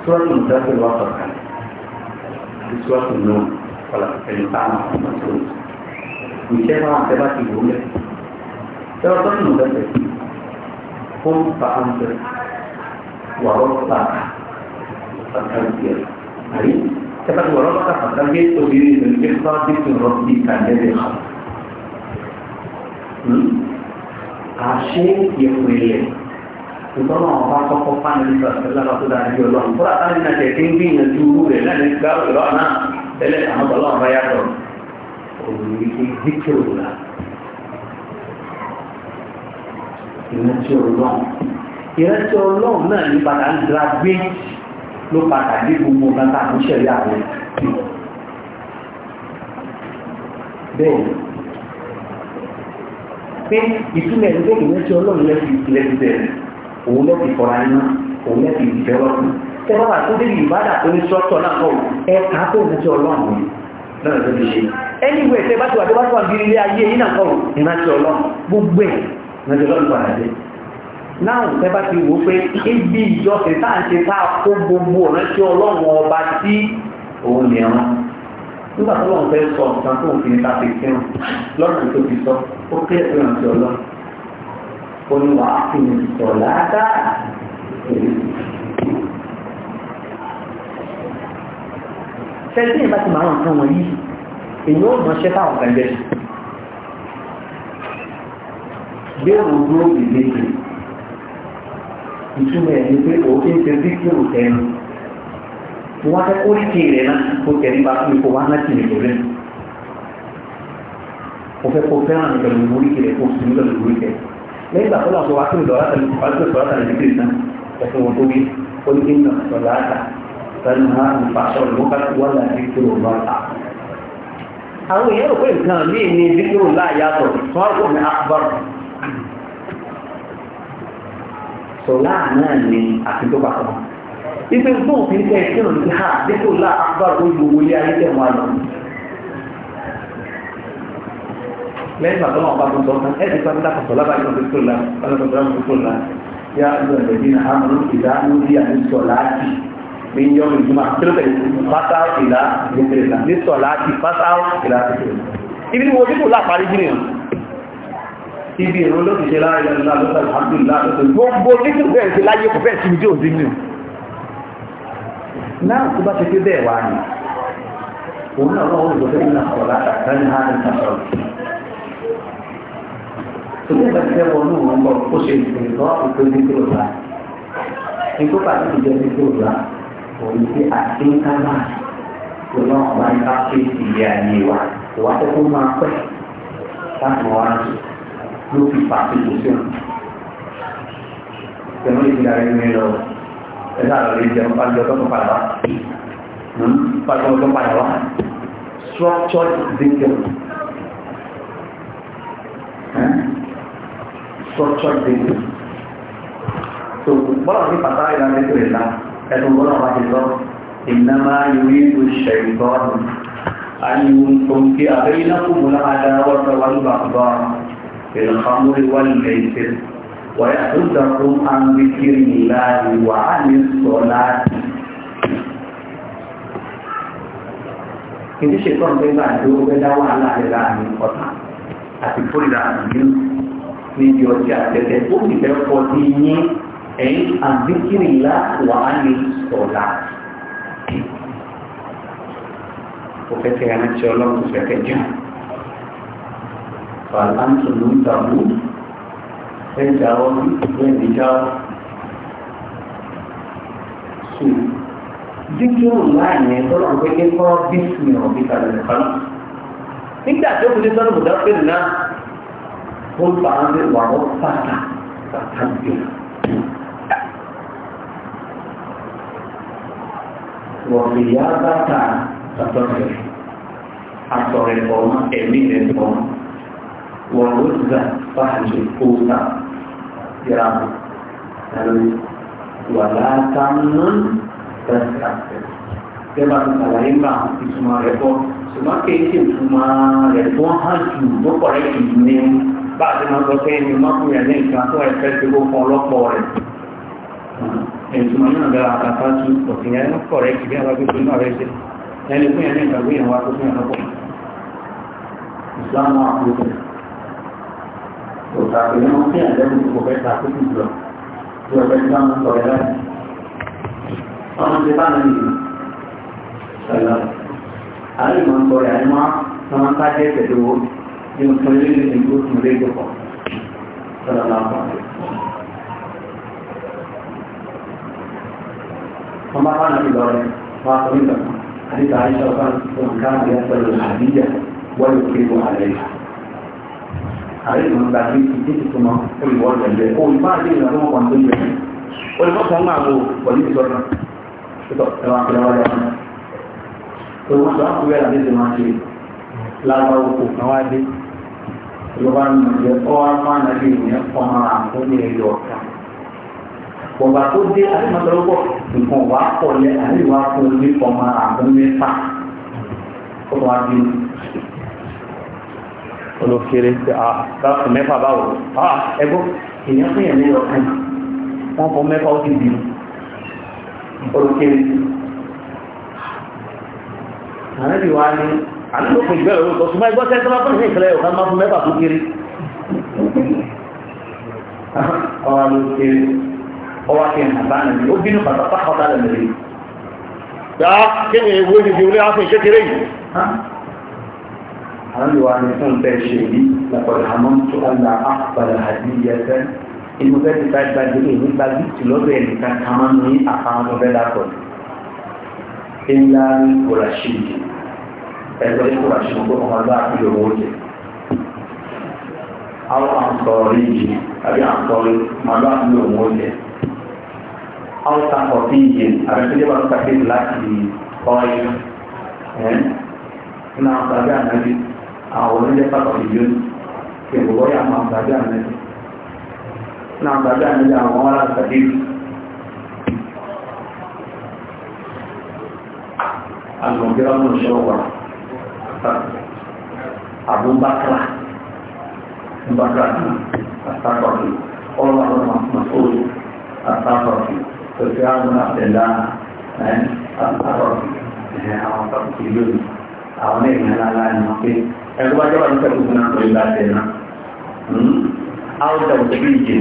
[SPEAKER 1] 说你这是多少？ti sọ ọ̀tún náà kọlà pẹ̀lú táwọn ọmọ tó ń sọ ìṣe máa tẹ bá ti wò mẹ tẹwọ tó nù bẹsẹ kó ń fa oúnjẹ wàrọ pa pàtàkì àyè tẹbà tí wàrọ pa pàtàkì obìnrin ìlú ní kí wọn bí tó rọ bí kàndẹ́lẹ̀ hàn àṣé ìpínlẹ̀ ìtọ́nà ọba kọ́kọ́ fáwọn ẹgbẹ́ ìgbàlá tó dára bí ọlọ́run fúra táwọn ìnà tẹ̀ tí ń bí ìyànjú owó rẹ̀ lẹ́nu gbá ìrọ̀ náà tẹ́lẹ̀ àwọn ọlọ́run bá yàtọ̀ òwúrọ̀ ike díkẹ́ òwúrọ̀ ìrántí ọlọ́run ìrántí ọlọ́run náà ní padà ń dra gbé ló padà dé gbogbo bàtà àmúṣẹ̀rí àwọn bẹ́ẹ̀ pé ìtumẹ̀ ìgbẹ́ ìrántí ọlọ́run lẹ́sìn òun lẹ́sìn fọ́ra iná òun lẹ́sìn ìfẹ́rọ́sùn tẹ́wọ́n bá tó débi ìbádà tó ní sọ́tọ̀ náà kọ́ ẹ̀ka tó ń tẹ́ ọlọ́run yìí lọ́nà tó ti ṣe ẹniwé tẹ́ bá ti wà tó bá tó wà ní ilé ayé yìí náà kọ́ ìrántí ọlọ́run gbogbo ẹ̀ ìrántí ọlọ́run padà dé náà tẹ́ bá ti wò pé ibi ìjọsìn tá à ń ṣe tá a kó gbogbo ìrántí ọlọ́run ọba tí òun lè rán nígbà tó lọ́run fẹ́ sọ nǹkan tó òfin ta fi kírun lọ́run tó fi sọ ó kéré ìrántí ọlọ́run oníwà àfihàn ìsọ̀lá dáa tẹ́lẹ̀ ìbá ti máa nǹkan wọ̀nyí èyí ó mọ̀ṣẹ́ fáwọn kan jẹ́ bí o dúró ìgbésẹ̀ ìtumọ̀ ẹ̀ ni pé òkè ń tẹ́lẹ̀ kí o tẹ́nu wọ́n fẹ́ kó rí kiri rẹ̀ náà kó tẹ̀lé bá fún ipò wọn láti nìkò rẹ̀ o fẹ́ kó fẹ́ràn ìgbàlódé orí kiri kó sinmi lọ́dọ̀ orí kiri lẹ́yìn ìgbà tó lọ sọ wá sí ìlọ́ra tẹ̀lé ìpàdé ìsọ̀rọ̀ tẹ̀lé ìdíkiri náà ẹ̀sìn wọn tó wí ó ní ìnà ìsọ̀rọ̀ àtà sẹ́nu ha ìfàṣọ ìmúkà wà láti kúrò lọ́ta. àwọn èèyàn rò pé nǹkan míì ní díkírò láàyàtọ̀ tó wá kò ní akbar. sọ̀lá náà ni àti tó pàtó.
[SPEAKER 2] ibi gbọ́n
[SPEAKER 1] lẹ́yìn ìgbà tọ́lọ́wọ́ bá tuntun kan ẹ̀ẹ́dì kan dá kọ̀tọ̀ lábàá ìjọba tó la ọlọ́dọ̀ tó lábàá tó la yá ìjọba ìdí náà àmọ́ ìdá lórí àdúgbò láti ní yọ ìjùmọ̀ kílódé pátá ìlà ìgbèrèlà ní sọ láti pátá ìlà ìgbèrèlà. ibi ni mo dínkù láàparí jí nìyàn ibi ìrún ló ti ṣe láàrin ìlànà lọ́sọ̀ alhamdulillah lọ́sọ̀ gbogbo nítorí bẹ́ẹ̀ ti láyé kò bẹ́ẹ̀ ti ní òdì nìyàn. náà tó bá ti pé bẹ́ẹ̀ wá ní òun náà wọ́n wọ́n ìgbọ́sẹ̀ nínú tòlẹ́ bá tẹ́ wọnú wọn bọ̀ ó ṣe ìgbìmọ̀ ètò ìdíkúrò bá ètò bá ti jẹ́ ìdíkúrò bá òun ti àdínkámà tó náà wá ń bá ṣe ìdílé ayé wa kò wá tó kó máa pẹ́ láti wá ló fi fà sí ìdíkúrò. Tẹ̀mọ́ ìdílé ayé mi lọ ẹ̀dá structured basis. So, bọ́lá ní pàtàkì ìlànà ètò ìlà ẹ̀tọ́ bọ́lá wà ti sọ ìnáma yorí ìlú ṣẹ̀rìbọ́ọ̀nù àyíwò tòǹkì àbẹ́yìnàkùnmù láàdá wọ́tọ̀ wà ní bàbá ìlànàmúrí wà ní ẹ̀ẹ́sẹ̀ wà yà tó dàkún àmìkiri ìlànà wà á ní sọ láti. Kìí ṣe tọ́ níbi ọjà tẹ̀tẹ̀ ó sì fẹ́ fọ́ sí yín ẹ̀yìn àbíkìrìlá wà á lè sọ̀la. ó fẹ́ kẹ́ ẹran tí ọlọ́run fẹ́ kẹ́ jẹun. fàlántù ló ń tàbú ẹ̀ jáwọ́ ẹ̀ ní jáwọ́. dídúró láàyè tọ́lọ́ pé kí kọ́ bísí ọ̀bí kalẹ̀ nìkan. nígbà tó kù ní sọ́dọ̀ bùdá pé nìyà. والبعض وعرفة تنبيه وقيادة تنبيه أصر القوم أمير القوم ووزة فهج القوسة يرام ولا تمنن تستكبر Tẹ́bà ti sàlàyé ń bá ìtumọ̀ rẹ̀ bọ́, ṣùgbọ́n kéèké ìtumọ̀ rẹ̀ tó hàn jù ló kọ̀rẹ́ ìdílé bá a ti máa sọ pé ẹni máa fún yà ní nǹkan tó ẹ̀fẹ́ ti kó fún ọlọ́pọ̀ rẹ̀ ìtumọ̀ náà bẹ̀rẹ̀ àtàkà sí òfin yẹn ń kọ̀ rẹ̀ kì bí àwọn akéwì náà rẹ̀ ṣe ẹni fún yà ní nǹkan wíyàn wá tó fún yà lọ́pọ̀ ìsìlámù àkókò òtàkì ni wọ́n fi àjẹ́kù tó fẹ́ ta àkókò jùlọ tí ọ̀fẹ́ tí wọ́n sọ ẹ̀ láti ọmọ ti bá nàní ìlú ṣẹlẹ̀ àlè máa ń sọ ẹ̀ àyè máa ń sọ yang sendiri ikut mereka kok. Selama Pemahaman Nabi Ibrahim, Rasul itu, hadis Aisyah kan Tuhan dia selalu hadiah, wajibu alaiha. Hari mengkaji itu cuma keluar dan dia, oh lima hari nggak mau bantu dia. Oh, ló bá ń lè kọ́ amáná bí ìyẹn fọ́n ara tó ní ẹyọ ọ̀tá. Bọ̀bà tó dé àtìmọ́tọ́lọ́pọ̀ nǹkan wà pọ̀ lẹ àríwá fún ní fọ́n ara tó mẹ́fà. Ó wá bí olókèrè ṣe àbáfọ̀ mẹ́fà báwo ẹgbọ́n èèyàn fún yẹn ní ọ̀kan wọ́n fọ àti tó pè gbẹ́rẹ̀ orúkọ ṣùgbọ́n ẹgbọ́n tẹ́tẹ́ bá fún ìṣẹ̀lẹ̀ ọ̀kan máa fún mẹ́fà tó kéré ọwọ́ ló kéré ọwọ́ kí n àbá nà ó bínú pàtàkì ọ̀tá lẹ̀ lẹ́yìn. yá kí ni ewu ni ìwúlé á fún ìṣẹ́kéré yìí. àwọn ìwà ni fún bẹ́ẹ̀ ṣe yìí lọ́pọ̀lọpọ̀ àmọ́ tó ọ̀la àpàlà àdìyẹsẹ́ inú bẹ́ẹ̀ ti báyìí gbàgbé èmi gbàgbé tìlọ́bẹ̀ nìkan kan ní àpamọ́ bẹ́ẹ̀ lápọ̀ ńlá kòlà ṣe yìí ẹgbẹ́ tó wà ṣùgbọ́n ọmọdé àti owó jẹ àwọn àǹsọ̀rí yìí àbí àǹsọ̀rí ọmọdé àti owó jẹ àwọn sàkọ̀tì yìí àbí tó jẹ́ bá tó kàkiri láti ọ̀yẹ́ ẹ̀ nínú àwọn sàbí ànábi àwọn oníjẹ́ sàkọ̀tì yìí kì í bọ́ yà máa sàbí ànábi nínú àwọn sàbí ànábi àwọn ọmọdé àti sàbí àlùmọ̀gẹ́rọ̀ mọ̀ ṣọ́wọ́ wa abubakar abubakar asafafi ọlọ àwọn masoro asafafi pẹ̀lú àwọn àbẹ̀lá asafafi àwọn asafafi lónìí àwọn èèyàn alára ni wọ́n pé ẹgbẹ́ wájú wájú pẹ̀lú fún àwọn ìlú àti ẹ̀nà áwùjọ òṣèlú ìjì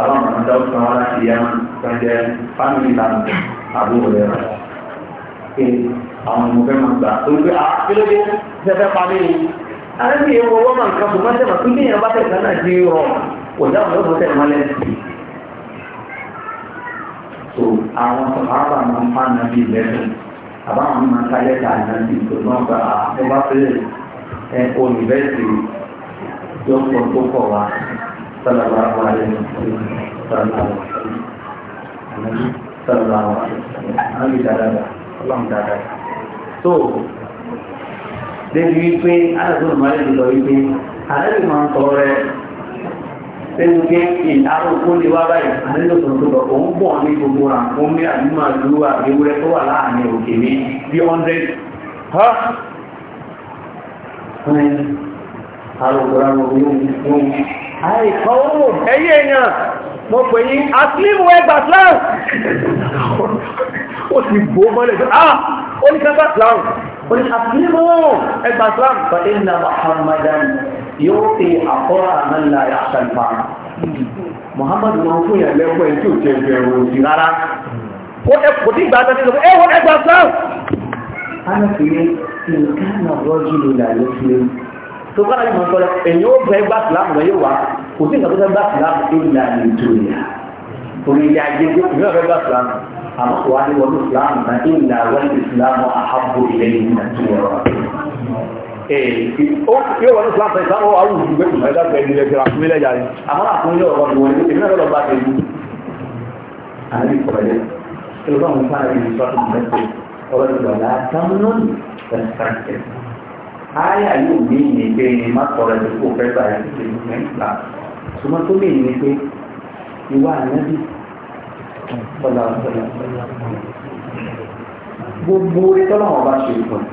[SPEAKER 1] àwọn àmàdá ọ̀sán wá láti yá pẹ̀lú fámìlì lánàá àbúrò rẹ̀ àwọn ọmọ fẹ́ máa gbà tó gbé sẹ́fẹ́ pamí ni ààrẹ mi yẹn wọ wọ́n máa ń kan ṣùgbọ́n sẹ́fà tó gbìyànjú bá tẹ̀sán náà di rọ kò dáhùn lọ́dún tẹ̀ wọ́n lẹ́nu sí
[SPEAKER 2] so àwọn sọ̀rọ̀
[SPEAKER 1] máa ń fa nàbí lẹ́nu àbáwọn máa ń sáyẹ́ ta nàbí tó náà gba ọba fẹ́lẹ̀ ẹ onífẹ́sì yọ̀pọ̀ tó kọ̀ wá sọ̀rọ̀ àwọn àlẹ́ sọ̀rọ̀ àwọn àlẹ́ sọ̀rọ̀ àwọn àlẹ́ débi wípé alágbó ìmọ̀lẹ́ ti lọ wípé àlẹ́bí máa ń tọrọ rẹ sẹ́nu pé ìdárókó lè wá báyìí àlẹ́lò tó tó lọ òun bọ̀ ní gbogbo ra òun ní àdúgbò àdúgbò àgbéwúrẹ́ tó wà láàrin òkè ní bí hundred ha fún àròkúra òun yóò àìkọ́wò ẹ̀yí èèyàn mo pè yí aslim wẹ́gbà slam ó ti bò mọ́lẹ̀ tó ah ó ní kápá slam قل أسلموا إبا إسلام فإن محمدا يعطي أقرى من لا يخشى الفعل محمد موفي لكم أنتم تجربوا سيرارا kò tí gbà tẹ́lẹ̀ lọ́pọ̀ ẹwọ́n ẹgbà sáà anáfíyé ìkánà rọ́jì lòlá ló fi lé tó kára yìí mọ̀ sọ́lọ́ ẹ̀yìn ó bẹ gbà sílámù rẹ̀ yóò wá kò sí ìgbà tó fẹ́ gbà sílámù tó lè lè tó àmọ́ kò wá ní wọlé ìsìlámù náà ní ìlà wọlé ìsìlámù àhábò ilẹ̀ yìí náà ti wọ̀ ọ́. yóò wọlé ìsìlámù náà ìsìlámù àwọn òwúrò gbé kùnà ẹ̀dá pẹ̀lú ilẹ̀ ìjọba fún ilẹ̀ yàrá àmọ́ àkúnyẹ ọ̀rọ̀ ni wọ́n ní èmi náà lọ́ọ́ bá tẹ̀lé. àlẹ́ ìkọ̀lẹ́ ẹlòmíràn mú fún àyè ìsọ́tún mẹ́tẹ̀ ọ̀rọ̀ ìgbàlá támúnọ́nì pẹ̀lú ní ìyẹn pé ní má sọ̀rọ̀ ẹ̀dínkù fẹ́ gbà yẹn ṣe ní ìgbà ṣùgbọ́n lè ní pé ìwà ànábì gbogbo tọ́lọ́wọ́n bá ṣe fún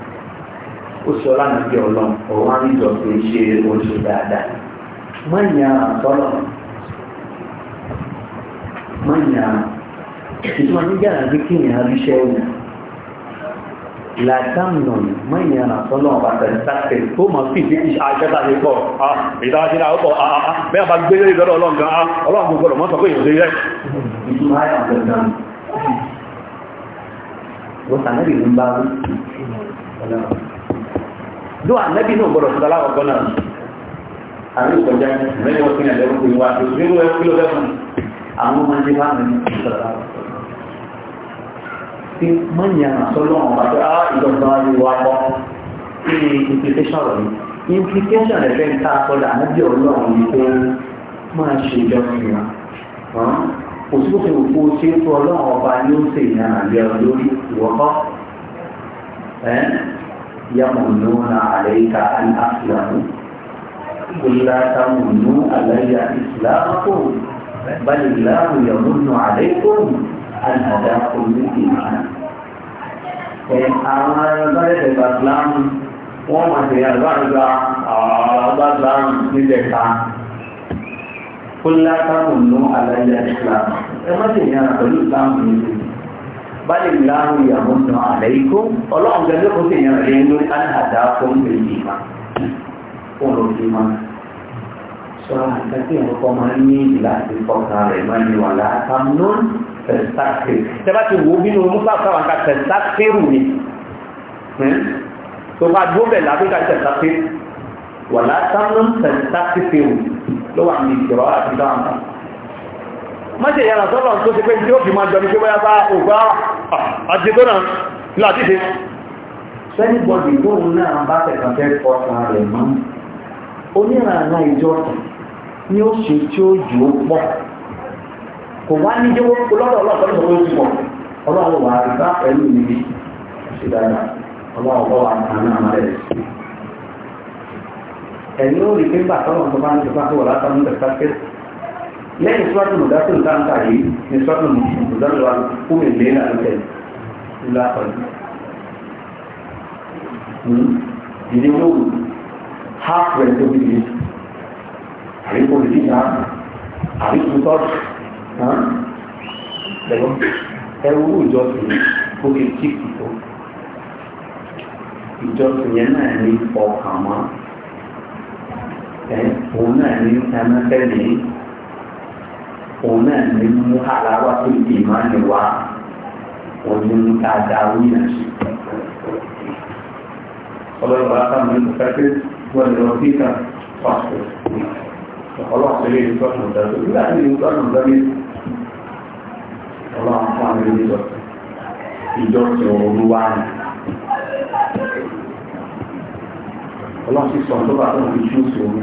[SPEAKER 1] ó sọ lánàbí ọlọ́run ọ̀rọ̀ á ń jọ pé ṣe oṣù dáadáa mọ̀nyà tọ́lọ̀ mọ̀nyà ìtumọ̀ nígbà tí kéèyàn á ríṣẹ́ látàmùnà mẹ́yìn àtọ́lọ́ ọba tẹ̀lẹ̀tẹ̀ tó mọ̀ sí ìdí àṣẹ́ta ní pọ̀ ìdájẹ́lá ọ̀pọ̀ bẹ́ẹ̀ bá gbé lọ́dọ̀ ọlọ́gbọ̀n ọlọ́gbọ̀n gbọ́dọ̀ mọ́ sọ pé ìrìnlẹ̀ rẹ̀ ló ànẹ́bì náà gbọ́dọ̀ sọ́lá ọ̀gbọ́n náà àrí ìkọjá mẹ́rin wọ́n fi ẹ̀lẹ́rùn kò ní wá tó rí pé mọ́nyà sọ́lọ́ ọ̀hún àti á ìjọba ìwà ọkọ̀ kí ni implication rẹ̀ ni implication rẹ̀ fẹ́ ká sọ́dà ànábì ọlọ́run ni pé máa ṣe ìjọsìn wa kò sí kòtò òkú ṣe é fún ọlọ́run ọba ni ó ṣe ìyànà àbí ọ̀rọ̀ lórí ìwọ́kọ́ يمنون عليك أن أسلموا قل لا تمنوا علي إسلامكم بل الله يمن عليكم àdàdà olùdíje náà. àwọn ẹgbẹ́ ìbàdàmù wọ́n máa tẹ̀lé àgbàgbà àgbàgbàmù nílẹ̀ ká kólátàmù nù àlàyé islam ẹ má tẹ̀lé àgbàlú islam nílẹ̀ báyìí ìlànà ìyàwó nù àlẹ́kọ́ ọlọ́run gẹ́gẹ́ kó tẹ̀lé àgbàlú lórí àdàdà olùdíje náà. olùdíje náà sọ̀rọ̀ àti ẹ̀kọ́ máa ń ní ìlànà ìfọ̀kàn rẹ̀ máa tẹ̀sáfẹ́ tẹ́bá ti wo bínú mùsàfẹ́ wọn ká tẹ̀sáfẹ́ rù ni hmm? tó bá dúró bẹ̀ lábẹ́ ká tẹ̀sáfẹ́ wà látàmú tẹ̀sáfẹ́ rù lọ́wọ́ àmì ìjọba àti dáhùn má ṣe yàrá sọ́lọ̀ tó ti pé tí ó fi máa jọ ní pé bóyá bá ògbà àti tó náà láti kò wá ní jẹ́wọ́ lọ́dọ̀ ọlọ́ọ̀tọ́ ló ti wọ̀ ọlọ́wọ́ wà á bá pẹ̀lú mi ṣe dáadáa ọlọ́wọ́ bọ́ wà á ní àmà rẹ̀. ẹ̀yin ó rí pé bàtà ọ̀nà tó bá ń tẹ́fà tó wà látà ń tẹ́fà pé lẹ́yìn síwájú mọ̀dá tó ń tà ń tà yìí ní síwájú mọ̀dá lọ́wọ́ kó mi lé hmm? náà lókè lápẹ̀lú. ìdí olówó ẹwú ìjọsìn kó lè kí ìtò ìjọsìn yẹn náà ní ọkàn mọ́ òun náà ní ẹnẹ́fẹ́ni òun náà ní mú aláwá tó ìmáàlì wá òun ní mú dáadáa wíyà sí ọlọ́run bá sáà mú ìfẹ́ pé wọ́n lè lọ sí ìta pàṣẹ ọlọ́run tẹ̀lé ìtọ́nù ìdájọ́ nígbà tí ìtọ́nù ìdájọ́ ọlọ́run fún àwọn ìjọ ìjọ tí òun wá ní ọlọ́run sì sọ tó bá tó fi tú sí òun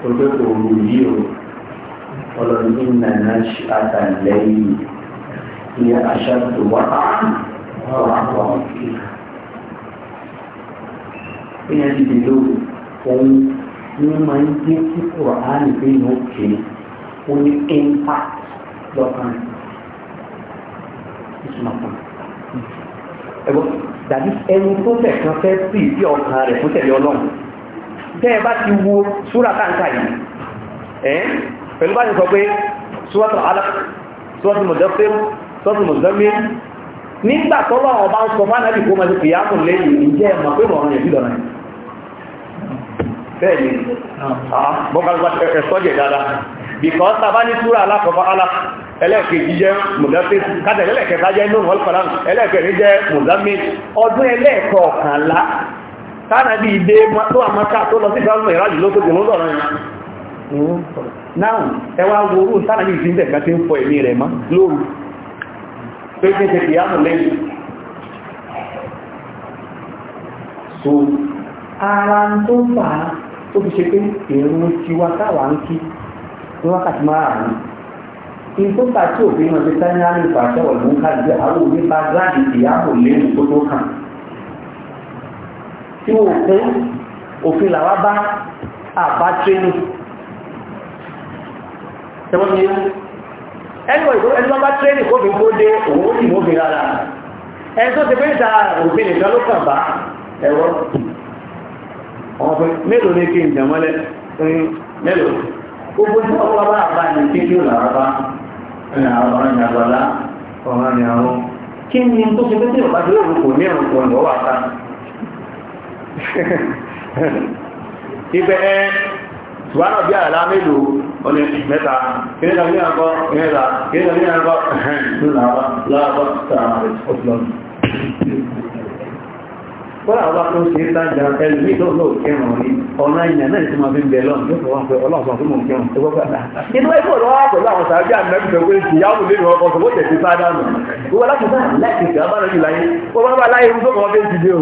[SPEAKER 1] tó tó pé kò ìyẹn ti dè lóru ní máa ń dín sí kùránì bí òkè ó ní impact lọ́kàn ìtumọ̀ kan. ẹ̀gbọ́n dàbí ẹni tó tẹ̀sán fẹ́ sí ìdí ọkàn rẹ̀ fún tẹ̀lé ọlọ́run tẹ́ ẹ bá ti wo súrà káńtà yìí ẹ́ pẹ̀lú bá ti sọ pé súrọ̀tù alaq súrọ̀tù muddaththir súrọ̀tù muzzammil nígbà tọ́lọ́ ọba ń sọ fún anábì kó máa ti fìyà mú lẹ́yìn ìjẹ́ ẹ̀ pé mọ̀ ọ̀rọ̀ yẹn bí lọ́nà yìí bẹ́ẹ̀ ni ah, bọ́kàlùwà ẹ̀sọ́jẹ̀ dáadáa because tàbá ní súra alákọ̀ọ́bá alá ẹlẹ́ẹ̀kejì jẹ́ mùdáfíìs kátẹ̀ ẹlẹ́ẹ̀kẹta jẹ́ inú ọlọ́pàá ẹlẹ́ẹ̀kẹrin jẹ́ mùdámí ọdún ẹlẹ́ẹ̀kọ̀ọ̀kànlá tánà bí ìdé tó àmọ́ká tó lọ sí ìdáwọn ìrájù lókòjò lọ́dọ̀rọ̀ yẹn náà ẹwà worú tánà bí ìdíńdẹ̀ kan ti ń fọ ẹ̀mí rẹ̀ mọ́ lóru pé kí n ṣe kìyàmù lẹ́yìn so ara tó fà tó fi ṣe pé èrò tiwa táwa ń kí ní wákàtí márùn-ún ìtò ta tí òfin náà ti sáyẹn á ní ìfàṣẹ ọ̀lú ń ká jẹ àwọn òní bá láti ìyáàbò léwu tó tó kàn tí wọn ò pé òfin làwa bá àbá tírénì tẹ́wọ́n ní ẹni wọ́n ẹni wọ́n bá tírénì kó fi gbóde òun ó sì mú òfin rárá ẹni ti pé ìta òfin nìkan ló kàn bá ẹ̀wọ́n ọmọ pé mélòó ní kí n jẹ mọ́lẹ̀ mélòó gbogbo tí wọ́n wá bá bá ní kí kí ó làrá bá ọ̀rọ̀ ní àgbàlá ọ̀rọ̀ ní kí ni tó ṣe pé tí ìwọ̀n bá ti lóòrùn kò ní ẹ̀rùn kan lọ́wọ́ wà ká ibẹ̀ ẹ ṣùgbọ́n náà bí àrà mélòó ọ̀nà mẹ́ta kìí tàbí àkọ́ kọ́lá àwọn akọ́ ṣe é sájà ẹlùmí tó lóò kẹrùn ní ọ̀nà ìyàn náà ti máa fi ń bẹ̀ lọ́nà yóò fọwọ́ pé ọlọ́ọ̀fọ́ tó mọ̀ ń kẹrùn tó gbọ́gbà náà. inú ẹgbẹ́ ọ̀rọ̀ wá pẹ̀lú àwọn sàájú àmẹ́bìtẹ̀ pé ìyáwó lè rọ ọkọ̀ tó bọ́jẹ̀ ti sá dànù. wọ́n láti bá láti gbà bá lọ́jọ́ láyé wọ́n bá bá láyé irú tó kọ́ fẹ́ ti dé o.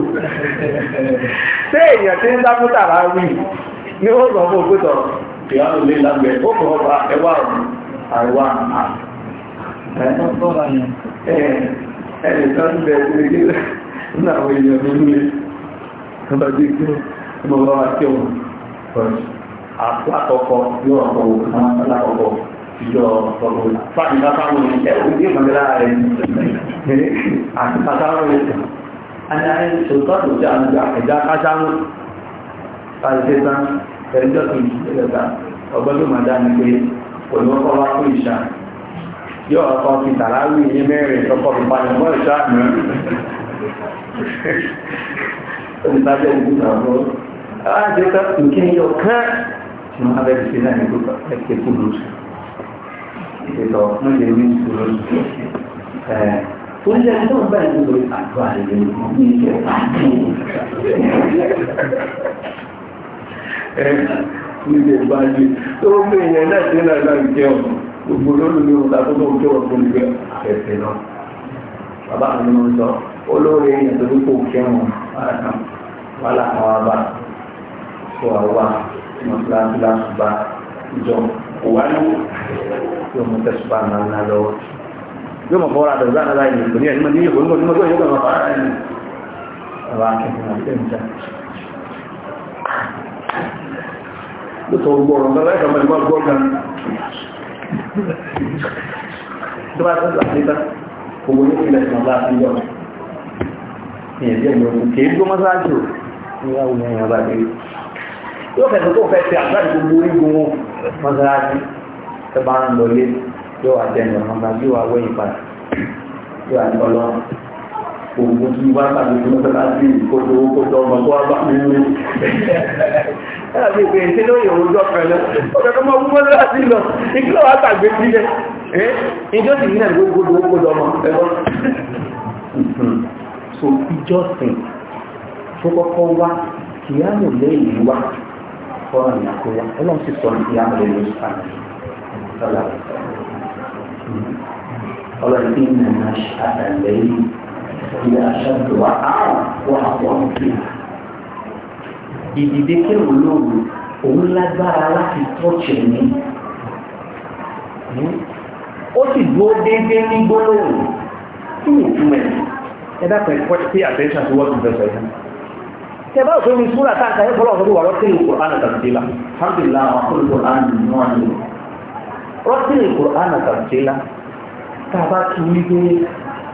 [SPEAKER 1] ṣé èèyàn ti ń dákú tààrà wí ni ó sọ fún òkútọ̀ ìyáwó lè lágbẹ̀ẹ́ ó kọ̀ ọba ẹwà àìwá ẹ̀ẹ́dọ́gbọ́n nínú àwọn èèyàn mi nílé nígbàjú kí ọmọ bá wá kí òun pẹ̀lú àkọ́kọ́ yóò ọkọ̀ òkú alákọ̀ọ́kọ́ ìjọ ọ̀pọ̀ fáàdì látàwọn ẹ̀rùn ní ìmọ̀lẹ́lá rẹ̀ àti pàtàkì rẹ̀ adáyé ṣòtọ́tò tí a ń gbà ẹ̀dá kásáwọn pàtẹ́sán ẹ̀rẹ́jọ́ tó ìṣẹ́lẹ̀ta ọgbọ́dún màdá ní pé pẹ̀lú ọkọ̀ wá fún ìṣà yóò ọkọ̀ fi tàràwì ní mẹ́rin ọkọ̀ fi mọ́ ìṣà mìíràn oníbàjẹ́ òkú náà lọ aláàjẹ́ ká nǹkan ẹyọ kan tí wọ́n abẹ́ ṣe náà ní gbogbo ẹ̀kẹ́ kú lóṣù ìṣètò wọ́n lè rí ìṣù lóṣù ẹ̀ tó ń jẹ́ tó ń bá ìlú lórí àjọ àlejò ní ìṣẹ̀ pàtó ẹ̀ ní ìṣẹ̀ pàtó tó ń bẹ ìyẹn náà ṣe náà náà jẹun gbogbo lórí ìlú ìlú àtọ́kọ̀ òjò ọ̀pọ̀ ìgbẹ́ ẹ̀fẹ̀ náà bàbá mi ló ń sọ olóore nítorí kò kẹ́wọ̀n wà láwọn abá tó àwa mọ̀tíláṣí láṣùbà ìjọ kò wá ní yóò mú tẹ̀sùbà náà ná lọ́wọ́ yóò mọ̀ fọ́ra àdọ̀dọ̀ náà láì nìkan ní ẹ̀ nímọ̀ ní yóò nímọ̀ nímọ̀ yóò kàn fara ẹ̀ ní ọ̀rọ̀ akẹ́kọ̀ọ́ àti ẹ̀mìjà. lóòótọ́ gbọ́ ọ̀rọ̀ ńlá láì kàmọ́ ìgbọ́ gbọ́ gan. tó bá tẹ́lẹ̀ àti ìta ìyẹ̀dí ẹ̀mí ọ̀hún kìí gbó mọ́sáájú ní àwọn ènìyàn yẹn bá dé yóò fẹ̀sọ̀ tó fẹ́ fi àgbàdo gbogbo orígun mọ́sáájú tó bá ń lọlé yóò wá jẹ́ ẹ̀yàn ọ̀nà yóò wá wẹ́yìn padà yóò wá ní ọlọ́run òògùn tí wọ́n bá gbogbo mọ́sáájú ìkótó kótó ọmọ tó wá bá nínú ẹ̀rọ ìgbè ìṣẹ́ lóye òwúrọ̀ pẹ̀lẹ́ ọ̀dọ̀ tó mọ́ gbogbo mọ́sáájú lọ ìkílọ̀ wá gbàgbé sílẹ̀ ìjọ́sìn ní gbogbo ọmọ ẹ̀gbọ́n so ìjọsìn tó kọ́kọ́ wá kìyàmù lẹ́yìn wá fọ́nà ìyàkó wá ọlọ́run sì sọ kìyàmù lẹ́yìn sàmì sọ́là ọlọ́run tí ń nà àtàlẹ́yìn ìyá aṣáájú wa àwọn wà wọ́n kí ìdìde kírun lóru òun lágbára láti tọ́jú ní ó sì dúró déédéé ní gbólóhùn kí ni ìtumọ̀ ẹ̀ ẹ̀dá pẹ̀lú pay attention to what you just said tẹ́bá òfin mi súnra táǹkà yẹ́ bọ́lá ọ̀sọ́dún wà rọ́tìlì kùránà tàbílá alhamdulillah wà fún kùránà náà ni rọ́tìlì kùránà tàbílá tàbá kí ní pé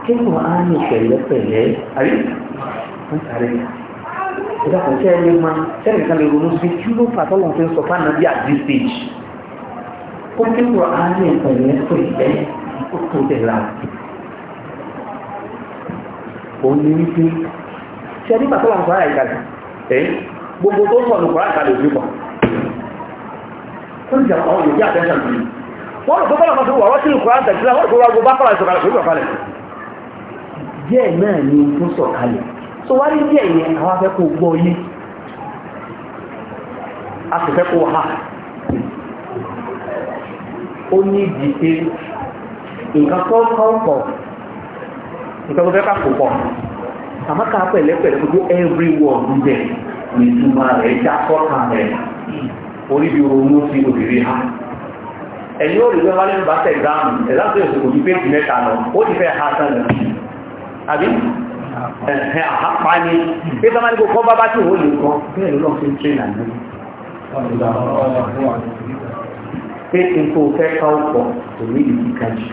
[SPEAKER 1] kí kùránà pẹ̀lẹ́pẹ̀lẹ́ àrí wọ́n sáré ìdá kan kẹ́ ẹni máa sẹ́ni kan lè ronú sí kí ló fà tọ́lọ̀ fi ń sọ fáànà bí at this stage ó kí kùránà pẹ̀lẹ́pẹ̀lẹ́ ó tó tẹ̀lé àti òun ni wípé ṣe nígbà tó wà nǹkan àìkà jù ẹ́ gbogbo tó sọ nǹkan àìkà lè fi pọ̀ ó ní ìjà àwọn òyìnbí àtẹ́sàn sí wọ́n rò tó bọ́lá máa sí wọ́n rò tó wà ni tó sọ̀kalẹ̀ tó wá rí díẹ̀ yẹn àwọn afẹ́ kó gbọ́ yé a sì fẹ́ kó nǹkan tó fẹ́ ká kó pọ̀ àmọ́ ká pẹ̀lẹ́pẹ̀lẹ́ gbogbo every word ń bẹ̀ ní ìtumọ̀ rẹ̀ já sọ́kàn rẹ̀ orí bí ronú sí obìnrin ha ẹ̀yìn ó rí wọ́n wálé nígbà tẹ̀ gáàmù ẹ̀dá tó yẹ kò ju péjì mẹ́ta lọ ó ti fẹ́ ha sàn lọ àbí ẹ̀hẹ́ àhápá ni pé sọ́mọ́ ní kò bábá tí òun lè kọ́ bẹ́ẹ̀ ló lọ́n fi ń tẹ́ nàní pé nǹkan ò fẹ́ ká ọ̀pọ̀ kò ní ìdí kíkà jù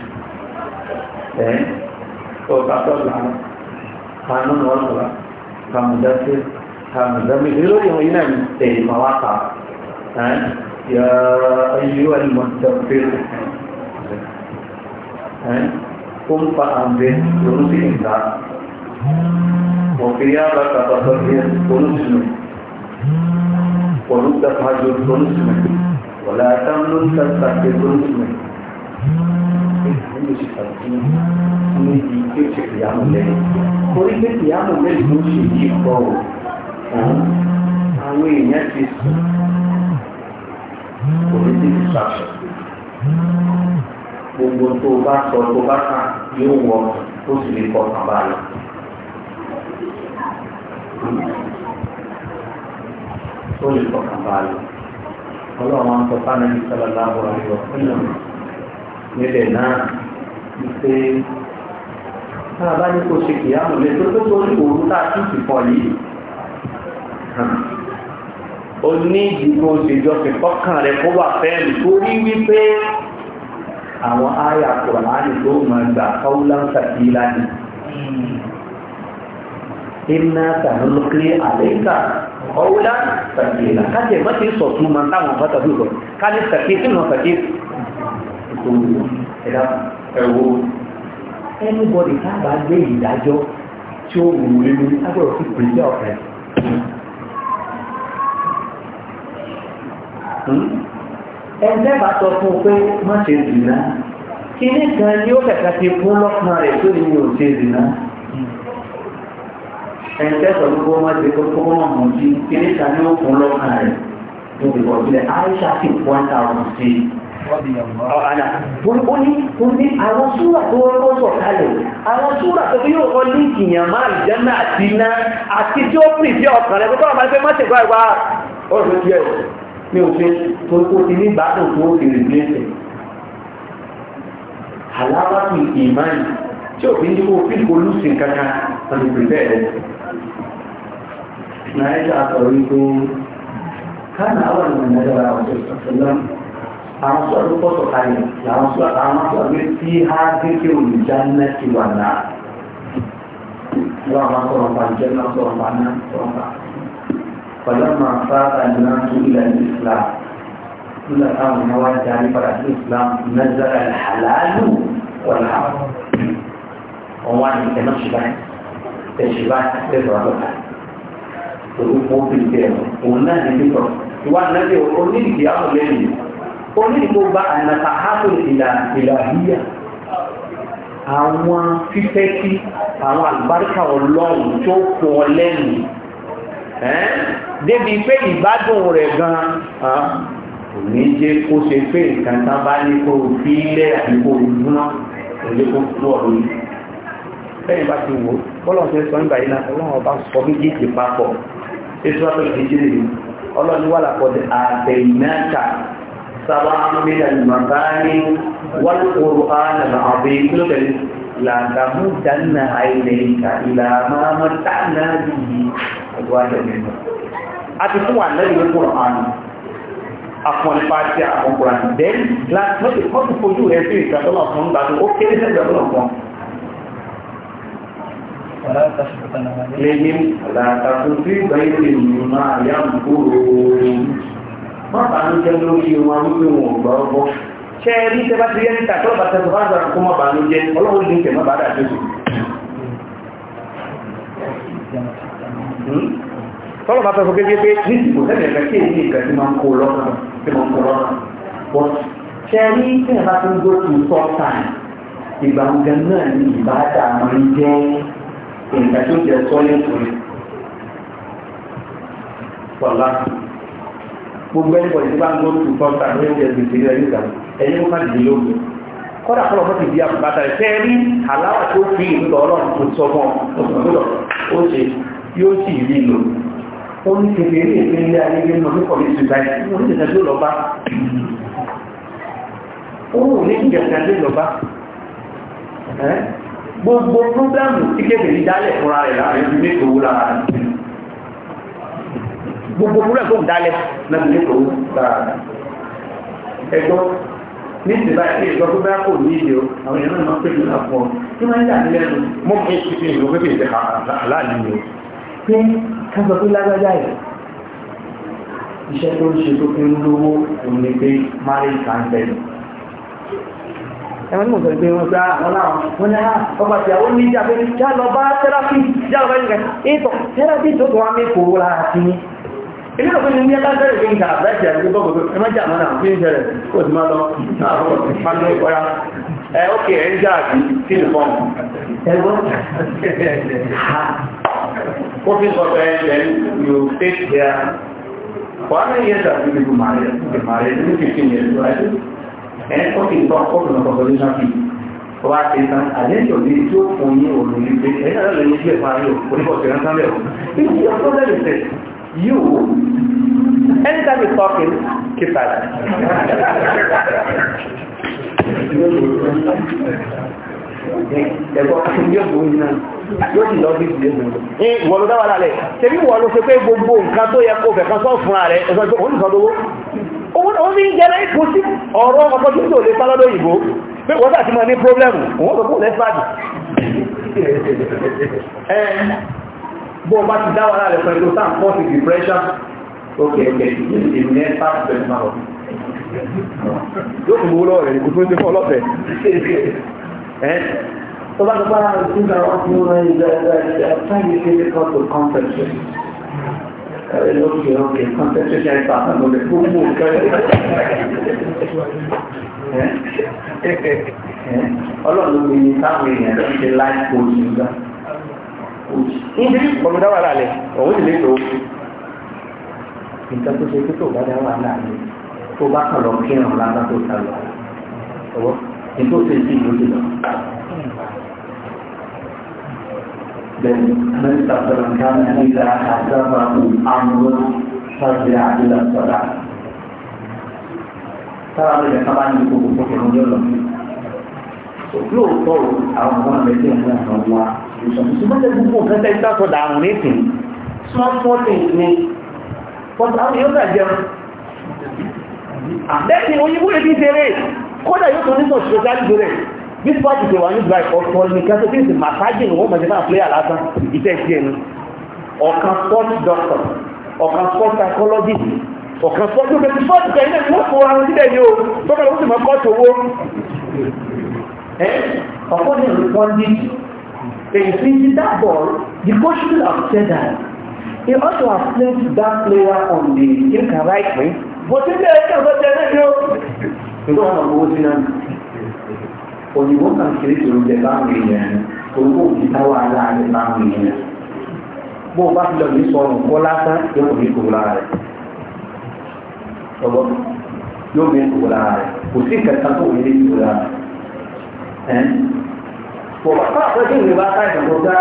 [SPEAKER 1] ọ̀tàtọ̀lá kanú ọ̀tọ̀lá kàmùdásí kàmùdámi lórí ìwọ̀n yìí náà ní tẹ̀lé máa wá ta yà ayé wà ní mọ̀tàfẹ́ ó ń pa àǹbẹ lórí sí ìgbà òfin yà bá tàbátọ̀ yẹ níbi tí ó ṣe ìyàmù lẹ́yìn orí pé ìyàmù lẹ́yìn ló ṣe yí pọ̀ o àwọn èèyàn ti sùn orí ti ti sàṣọ gbogbo tó o bá sọ tó o bá kà yóò wọ ó sì lè kọ bàbá rẹ. ó lè kọ bàbá rẹ ọlọ́run á sọ fún anabi sábà láàbọ̀ àríwá fún ìlànà nílẹ̀ náà wípé tá a bá ní kó ṣe kìyàmù lè tó tó torí òru tá a tún ti pọ̀ yìí ó ní ìdìbò ìṣèjọsìn kọ́kàn rẹ̀ kó wà fẹ́ẹ̀lì torí wípé àwọn àyà kùránì tó máa gbà kọ́wúlán sàkílá ni. Iná sàmúlùkí àlẹ́kà kọ́wúlán sàkílá. Kájẹ̀ mọ́ ti sọ̀tún máa táwọn bá tàbí ìgbọ̀. Ká ní sàkí sínú sàkí tó wù ẹ̀dá ẹ̀wọ́ anybody káàbà gbé ìdájọ́ tí ó wù lé lórí agbọ̀rọ̀ sí pèsè ọ̀fẹ́ hmm? ẹ̀ńdẹ́bà sọ fún un pé má ṣe dìnnà kíní kan ni ó kẹ̀kẹ́ ti fún lọ́kàn rẹ̀ tó ní ò ṣe dìnnà ẹ̀ńdẹ́sọ̀ ló kó má ṣe kó kó má mú sí kíní kan ni ó fún lọ́kàn rẹ̀ tó ti bọ̀ sílẹ̀ àìsà sì pọ́ńtà ọ̀hún sí i ọ̀hánà ó ní ó ní àwọn súrà tó rọ́rọ́ sọ̀ kalẹ̀ àwọn súrà tó fi yóò kọ́ líǹkì yàn máa ìjẹ́nà àti iná àti tí ó pì sí ọkàn rẹ̀ kókó àbájá pé má ṣe gbọ́ ìwà ọ̀rọ̀ tiẹ̀ mi ò ṣe tó kó ti ní ìbádùn tó fi rìn ní ẹsẹ̀ aláwàtú ìmáyì àwọn sọ àdúgbò sọ̀kalẹ̀ làwọn sọ àwọn sọ àgbẹ tí á gẹ́gẹ́ olùjáná ti wà náà wọ́n àwọn sọ̀rọ̀ pa ìjẹ́ náà sọ̀rọ̀ pa náà sọ̀rọ̀ pa pẹ̀lú àwọn afárá náà tó ilẹ̀ Islam nígbà táwọn náà wá darí padà sí Islam nàzàrà àlàálù wọ̀lá ọ̀wọ́n àti ìtẹ̀nà ṣùgbọ́n tẹ̀síwájú tẹ̀síwájú lọ́ta òun kò fi ìtẹ̀ òun náà ní pípọ̀ ìwà nàbẹ̀ onídìí àwọn lẹ́yìn onídìbòba ànàtà hápò ìlàhíyà àwọn fífẹ́ sí àwọn àlùbáríkà ọlọ́run tó kọ ọ lẹ́nu débi pé ìbádùn rẹ̀ gan kò ní jẹ́ kó ṣe pé nǹkan tán bá ní kó fi ilẹ̀ àti kó dúná òye kó tú ọ̀rọ̀ yìí bẹ́ẹ̀ bá ti wò bọ́lọ̀ ṣe sọ nígbà yìí náà ọlọ́run ọba sọ méjèèjì papọ̀ ṣé tí wọ́n tó ṣe jẹ́ nìyí ọlọ́run wà lápọ̀ àtẹ̀yìnáta سبعا من المثاني والقرآن العظيم كله لا تمدن عينيك إلى ما متعنا به أزواجا منهم àti fún wa lẹ́yìn ló kúrò àánú àpọn nípa tí àwọn kúrò àánú dẹ́n láti lọ́dún kọ́ tó fojú rẹ̀ sí ìgbàdọ́lọ̀ fún ìgbà tó ó kéré sí ìgbàdọ́lọ̀ lẹ́yìn látàkùn sí ìgbà má bànújẹ́ lórí wọn wípé wọn ò gbọ́ ọgbọ́ ṣe rí tẹ bá ti rí ẹni tàbí ọba tẹsán bá ń sọ̀rọ̀ kó má bànújẹ́ ọlọ́run ní tẹ̀mọ́ bá dàjú sí hmm? tọ́lọ̀ bá tọ́sọ kékeré ní ìsìnkú tẹ́lẹ̀ kí èyí ìgbà tí máa ń kó lọ́kàn tí máa ń kó lọ́kàn but ṣe rí tí ẹ bá ti ń go ìgbà ọ̀gá náà ní ìbáàdà máa ń jẹ́ nǹkan tó jẹ́ sọ́lẹ̀ fún mi gbogbo ẹni bọ̀dé bá ń lọ sí kọ́ńtà ní oúnjẹ gbèsè rẹ̀ nígbà ẹni ó má dìde lóògùn kọ́dà kọ́lọ̀ mọ́ ti di àbúbátà ìfẹ́ rí aláwà tó fi ìlú ọlọ́run tó sọ mọ́ ọ̀sọ̀gbọ́dọ̀ ó ṣe yóò sì rí lò ó ní kékeré ìpé ilé ayé gbé mọ́ nípa ní ṣùgbọ́n ó ní ìjẹta tó lọ bá ó ní ìjẹta tó lọ gbogbo prógámù tí kékeré dálẹ̀ fúnra rẹ̀ láàrin ní ìṣòwò lára rẹ̀ gbogbo kúrẹ́ tó ń dálẹ̀ náà ní kò gbàrà ẹgbọ́ ní ìsìnbá sí ìgbọ́ tó bá kò ní ìdè o àwọn èèyàn náà máa pè ní àpò tí wọ́n ń dà nílẹ̀ nù mọ́ kí èsì fi ìlú pépè ìdè aláàlú ni o pé kájọ tó lágbájá yìí iṣẹ́ tó ń ṣe tó fi ń lówó òun ni pé marriage counsel ẹ̀wọ̀n ní mo sọ̀rọ̀ pé wọ́n gbá àwọn láwọn wọn ní ọba tí àwọn oníjà pé já lọ bá tẹ́rápì ilé ọ̀gbìn ní ẹgbẹ́ bẹ̀rẹ̀ kí n kà bẹ́ẹ̀tì àti gbogbo ẹ má jà mọ́nà kí n ṣẹlẹ̀ kó o sì máa lọ pàtó ìkọ́ra ẹ ókè ẹ ń jà àti sí ìfọ́n ó fi sọ pé ẹ yóò tẹ́tì ẹ wàá ní iye tàbí gbogbo màrẹ màrẹ ní fífi ní ẹ̀dùn àti ẹ ó fi sọ ọkùnrin ọkọ̀ ní sáfì wá ti tán àdéhùn ní tí ó fún yín òun ní pé ẹ̀yìn àlọ́ lè ní ilé ìparí ò oníkọ̀ọ̀sẹ̀ rẹ̀ sálẹ̀ ò you, anytime you're talking, keep silent. Ẹ̀gbọ́n aṣọ yóò bò ní náà, yóò sì lọ bí ìdílé mi. Ní ìwọ ló dáwà lálẹ́, tẹ̀bí ìwọ ló ṣe pé gbogbo nǹkan tó yẹ kó fẹ̀ kan sọ fún ààrẹ, ẹ̀sọ́ ìjọba òun ìsọdowó. Òun ní jẹ́rẹ́ ìkó sí ọ̀rọ̀ ọkọ̀ tó tó lè sálọ́dọ̀ bó o bá ti dá wàhálà rẹ̀ pẹ̀lú tó sáà ń pọ̀ sí depression ok ok èmi ẹ bá ti bẹ̀rẹ̀ máa lọ. yóò fún owó lọ́wọ́ rẹ̀ kò tó ń ṣe fún ọlọ́fẹ̀. tó bá ti bá ṣùgbọ́n àwọn tí wọ́n ń ṣe ẹ̀ fáyé ṣe é kọ́ tó kọ́ńtẹ̀ṣẹ̀. ok ok kọ́ńtẹ̀ṣẹ̀ ṣe àìsàn àtàwọn ọlọ́run ló ń yin táwọn èèyàn ló ń ṣe láì níbi ọmọ dá wàhálà rẹ̀ ọ̀hún sì lè tó nǹkan tó ṣe pé tó bá dá wàhálà rẹ̀ tó bá kàn lọ kírun lára tó ta lọ ọwọ́ ní tó ṣe sí ìlú lọ. Bẹ́ẹ̀ni, mẹ́ta sọ̀rọ̀ kan nígbà àdábàbò àmúlò sọ́jà àdúrà sọ̀rọ̀. Sára lè ká bá ní gbogbo gbogbo ọjọ́ lọ. Lóòótọ́ àwọn ọmọ ẹgbẹ́ ìwé àwọn ṣùgbọ́n gbogbo nǹkan tẹ́ ìtàkọ̀ dàrùn nítìn small small things ni but àwọn yóò gbà jẹun lẹ́sìn òyìnbó lè fi ṣeré kódà yóò tó nígbà ṣòṣálì rẹ̀ bí spáàtì ṣe wà ní dubai ọ̀tọ̀ nìkan tó fèsì màsájì ni wọ́n mọ̀ ọ̀kan sport doctor ọ̀kan sport psychologist ọ̀kan sport tó fèsì sport kẹ́ ilé ìwọ̀n fún ara sílẹ̀ yìí o tó kọ́ lọ́wọ́ sì mọ́ kọ́ọ̀tù owó ọ̀pọ̀ ní ìrìnkọ́ndí infringing that ball, the coach will have said that. He also has placed that player on the you can right wing. But if they can go there, you don't have a good thing. Òyìnbó kan kiri tó ń jẹ báńkì yẹn, òun kò fi táwọn aláàrẹ báńkì yẹn. Bó o bá fi lọ ní sọrùn kọ́ lásán, yóò kò ní kò lára rẹ̀. Ọ̀gbọ́n yóò ní kò lára rẹ̀. Kò sí kẹta tó wọlé kò lára rẹ̀. Bọ̀ bàbá àpẹẹrẹ ìwé bá ká ìdàgbọ́dá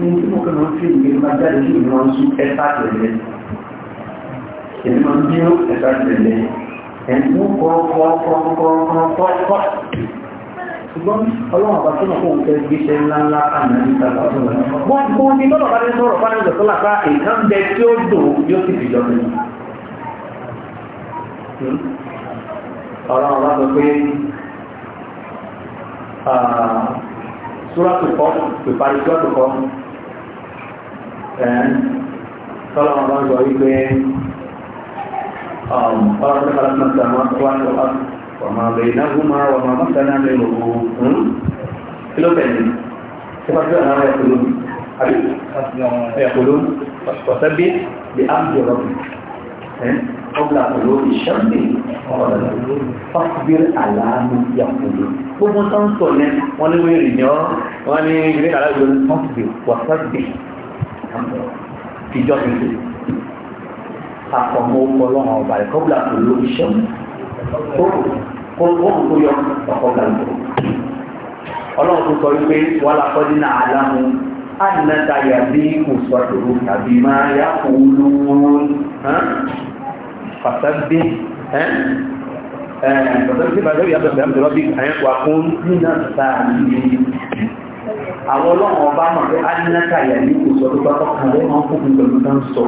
[SPEAKER 1] ní tí mo kàn ń fi ìwé máa jáde sí ìwé wọn sí ẹ̀ka tẹ̀lé. Èmi máa ń bí ẹ̀ka tẹ̀lé. Ẹ̀mú kọ́kọ́kọ́kọ́kọ́. Ṣùgbọ́n ọlọ́run àbá tó mọ̀ fún òun fẹ́ gbéṣẹ́ ńláńlá àná ní sábà. Wọ́n gbó ní lọ́dọ̀ bá ní sọ̀rọ̀ bá ní ìjọsọ́ làkà èèkàn bẹ tí ó dùn yóò sì fìjọ mi. Ọlọ́run bá sọ pé súrọ́tù kọ́ ìparí súrọ́tù kọ́ ẹ̀ẹ́n tọ́lá wọn bá ń sọ wípé ọ̀rọ̀ tó kọ́lá tó máa tó wá tó ọ̀pọ̀ ọmọ ọ̀bẹ ìnáwó máa wọ̀ ọmọ mọ́tò náà lè lò ó kí ló tẹ̀lé sípàá tó àwọn ẹ̀kọ́ lómi àbí ẹ̀kọ́ lómi ọ̀sẹ̀ bí bí á ń jọ̀rọ̀ ẹ̀ẹ́n ọ̀gbà pẹ̀lú ìṣẹ́ǹdè ọ̀gbìn àlàáfù yàkùnú gbogbo tó ń sọ ní wọ́n ní wíìrì ní ọ́ wọ́n ní ilé aláàbò ọ̀gbìn wàsáàgbè ìjọ tuntun àkọ́mọ́ ọlọ́run ọba ìkọ́gbà pẹ̀lú ìṣẹ́ǹdè kó kó yọ ọ̀gbà pẹ̀lú ọlọ́run tó sọ wípé wà lápọ́dí náà aláàmú ànátayà bí kò sọ tòrò tàbí máa yá kó lóorùn fàtàbí fàtàbí fàtàbí yàtọ̀ fẹ́mtì rọ́bí àyẹ́kọ̀ fún nínà sáàrí àwọn ọlọ́run ọba mọ̀ pé ánínàkà yà ní kò sọ tó bá tọ́kàn lé wọn fún pẹ̀lú kan sọ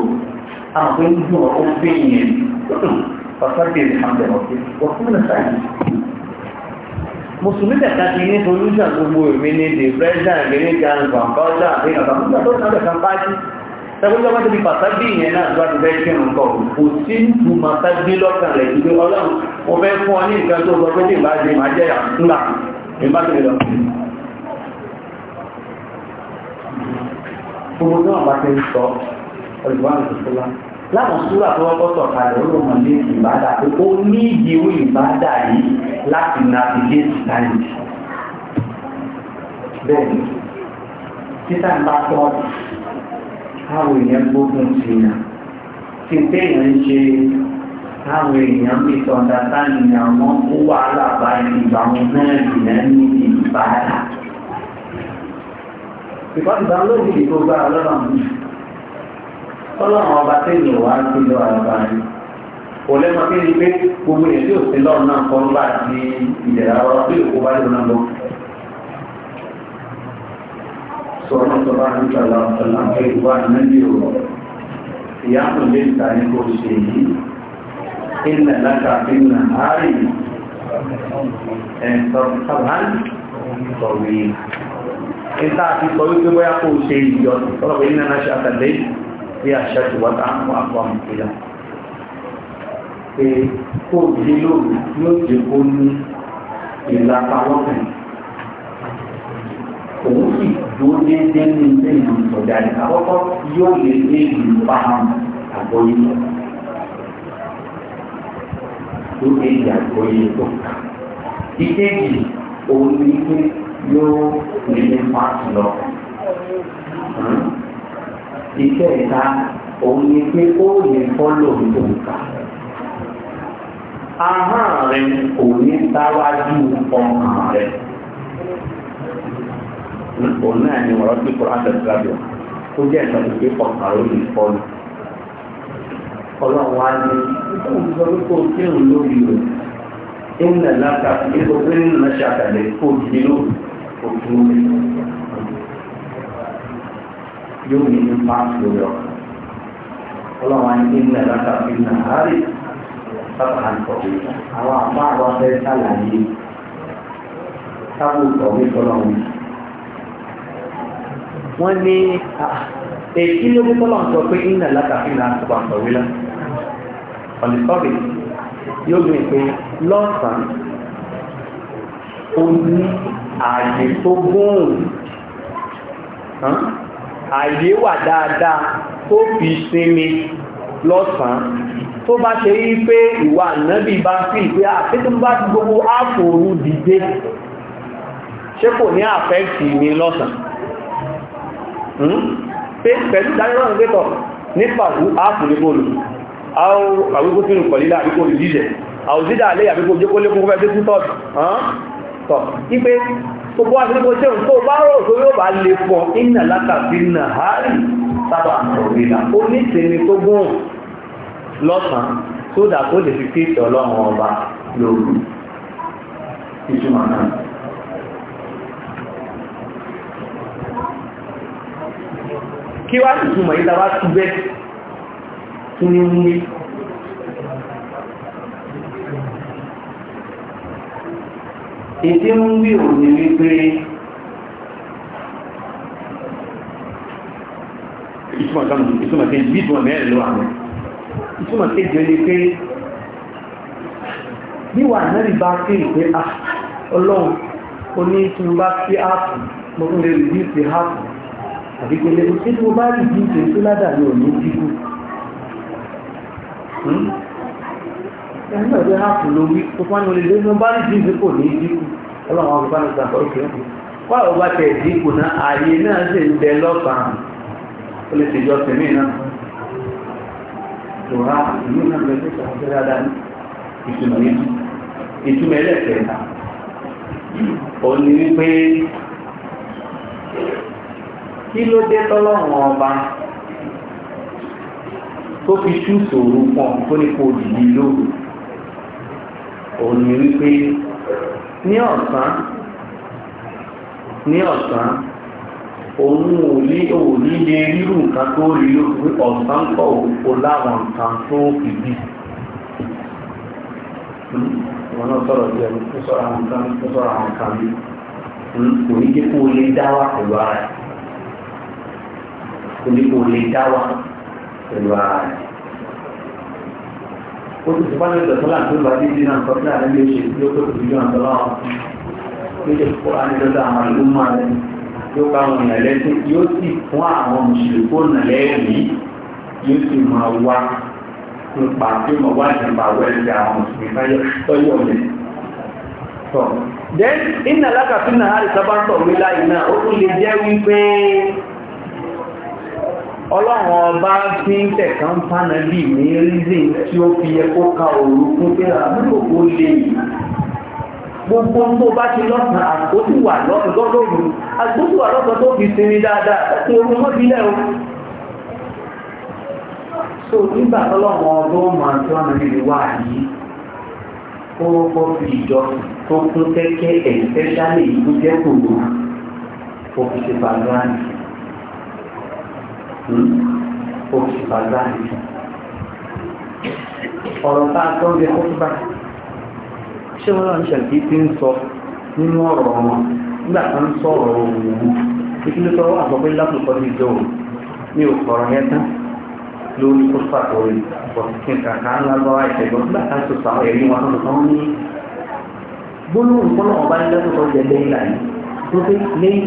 [SPEAKER 1] àwọn tó ń dùn ọkọ̀ pé yẹn fàtàbí fàtàbí ọkọ̀ nínà sáàrí mùsùlùmí tẹ̀ka ti ní solúṣà gbogbo èmi ní depression gẹ́gẹ́ gan gbàǹkọ́ṣà àti àbámúṣà tó ń sẹ́gun lọ́wọ́ ti di pàtàkì yẹn náà lọ́wọ́ ti fẹ́ kírun kọ̀ kò sí ju pàtàkì lọ́kàn rẹ̀ ju pé ọlọ́run mo fẹ́ fún ọ ní nǹkan tó sọ pé tí ìbá ṣe máa jẹ́yà ńlá ìbá ti lọ.
[SPEAKER 2] gbogbo tí wọn bá ti ń sọ
[SPEAKER 1] ọlùwà ìṣòṣọlá láwọn súrà tó wọ́pọ̀ sọ̀kalẹ̀ olóòmọ̀ ní ìbádà pé ó ní ìdíwó ìbádà yìí láti navigate time bẹ́ẹ̀ ni títà ń bá tọ́ọ̀tù táwọn èèyàn gbógun ti nà ti téèyàn ń ṣe táwọn èèyàn bí sọ̀dá sáàlì ní àwọn ó wà lábàá ìgbà wọn náà jìnnà ní ìbára. ìkọ́ni bá lóògì ìgbó gbá ọlọ́run mi ọlọ́run ọba téèyàn wá sí lọ àlàbà rẹ̀ kò lẹ́nu pé ní pé gbogbo èèyàn tí ò sí lọ́run náà kọ́ nígbà tí ìdẹ̀rẹ̀ àwọn ọlọ́run tó yẹ bá lè lọ́nà sọ́nà tó bá ń tàlà ọ̀tàlà pé ìwà níbi ọ̀rọ̀ ìyá tó lè ta ní kò ṣe yìí ilẹ̀ láta fi ń àárì ẹ̀sọ̀ sàbán sọ̀rí ìta àti sọ wípé bóyá kò ṣe ìyọ̀ ọlọ́pẹ́ iná náà ṣe àtàlé bí àṣà ti wọ́ta ń pọ̀ àpọ̀ àmìkìlá pé kó dé lóòrùn yóò jẹ́ kó ní òun sì dúró déédéé ní ilé ìlú ìtọ́jà ní àkọ́kọ́ yóò lè ní ìlú fáwọn àgbóyé lọ. yóò lè ní àgbóyé lọ. ìkejì òun ní pé yóò lè ní fáwọn lọ. ìkẹta òun ní pé ó lè fọ́lọ̀ tó kà. ahọ́n rẹ̀ kò ní sáwájú ọkàn rẹ̀ òun náà ni ọ̀rọ̀ tí kò ráṣẹ̀ sílábíọ̀ kó jẹ́ ìtàn tó gbé ọ̀pá lórí ìfọ́nù ọlọ́run wá ní ìfọwọ́sọ wípé o kí òun lórí rẹ̀ ìmúlẹ̀ láta ipò pé nínú mẹ́ṣẹ̀ àtàlẹ̀ kó o ti ló òtún mi yóò ní ní páàkì lórí ọ̀kan ọlọ́run wá ní ìmúlẹ̀ láta fi nà áárì sábà ń tọ̀ àwọn àbá àwọn afẹ́ sálàyé sábà ń tọ̀ mí wọ́n ní èyí ló kó tọ́lọ̀ sọ pé iná látàfin náà tó bá sọ wílá ọ̀nìtọ́rì yóò gbé pé lọ́sàn-án ó ní ààyè tó gùn ààyè wà dáadáa tó fi sinmi lọ́sàn-án tó bá ṣe rí pé ìwà ànábì bá sí ìpé àfẹ́tún bá ti gbogbo áàpù dìde
[SPEAKER 3] ṣé kò ní àfẹ́ẹ̀tì
[SPEAKER 1] mi lọ́sàn-án Hmm? pé pẹ̀lú ìdánilọ́rùn pẹ́tọ̀ ní pàtó áàpù ní bóòlù àwíkó sínú pọ̀lílá àbíkó ìdíjẹ̀ àwòsídà alẹ́ àbíkó jókó lékún fẹ́ tún tọ́ tọ̀ ipé tó bọ́ àti nípo jẹun tó bá rọ̀ tó yóò bá lè pọ̀ iná látàbí nà hárì sábà àtọ̀rìnà ó ní ìsinmi tó gùn lọ́sàn tó dà tó lè fi kéèkì ọlọ́run ọba lóru ìtumọ̀ náà kí wá sì túnmọ̀ yí tàbá tú bẹ́ tún ní wúwé ètí ń wí òun ni wípé ìtumọ̀ kan ìtumọ̀ kejì bí ìtumọ̀ mẹ́rin ló wà mọ́ ìtumọ̀ kejì ó ní pé níwà náà bá sí ìpé ah, ọlọ́run ó ní tí mo bá sí áàpù mo tún sí áàpù àbíkẹ́lẹ́ tí mo bá rí bí ìpè tó ládàrí ò ní dídú hmm?
[SPEAKER 2] ẹ̀yìn ọ̀dẹ́ áàpù
[SPEAKER 1] ló wí tó fún àwọn olè ló bá rí bí ìpè kò ní dídú ọlọ́run ọgbà ní ìgbà ọ̀kẹ́ ọ̀kẹ́ wà ó bá tẹ̀ dínkù náà ààyè náà sì ń bẹ lọ́sàn-án ó lè wípé kí ló dé tọ́lọ́run ọba tó fi tú sòrò pọ̀n tó ní kó dìbì lóru òun ni wípé ní ọ̀sán ní ọ̀sán òun ò ní òun ní lè rírù nǹkan tó rí lóru ọ̀sán pọ̀ òkò láwọn nǹkan tó fi bì
[SPEAKER 2] hmm? wọn náà
[SPEAKER 1] sọ̀rọ̀ bí ẹni tó sọ̀rọ̀ àwọn nǹkan tó sọ̀rọ̀ àwọn nǹkan bí hmm? kò ní jẹ́ kó lè dá wà pẹ̀lú ara ẹ̀ oníkó lè dá wa pẹ̀lú ara rẹ̀. ó ti fipá ní ìtọ́sọ́lá tó bá dé sí náà kọ́sí àrẹ́ bí ó ṣe tí ó tó tóbi yóò àtọ́lá wọn ó ṣe kó àníjọ́dá àwọn ìlú máa rẹ̀ yóò ká wọn ìyàn lẹ́sìn yóò sì fún àwọn mùsùlùmí kó nà lẹ́ẹ̀rí yóò sì máa wá nípa tí mo wá nípa wẹ́ẹ̀dì àwọn mùsùlùmí báyọ̀ tọ́yọ̀ náà ó tún lè jẹ́ wípé ọlọ́run ọba fi ń tẹ̀kán fánà bí ní rízìn tí ó fi yẹ ka òru fún kó lè gbogbo tó bá ti lọ́sàn àkótí wà lóru àkótí wà tó fi sinmi dáadáa so nígbà ọba ó máa tó yìí fi ìjọ tó kún kẹ́kẹ́ òkè bàbá rẹ̀ ọ̀rọ̀ tá a tọ́ ń bẹ kótóbá ṣé wọ́n náà ń ṣàkí tí ń sọ nínú ọ̀rọ̀ wọn nígbà tó ń sọ ọ̀rọ̀ òun ìpínlẹ̀ tó wà sọ pé lápòkọ́ ti jọ òun ní òkọ̀rọ̀ yẹn tán lórí kótóbá tó rí ọ̀sìn kàkà ńlá lọ́wọ́ ìṣẹ̀gbọ́n nígbà tá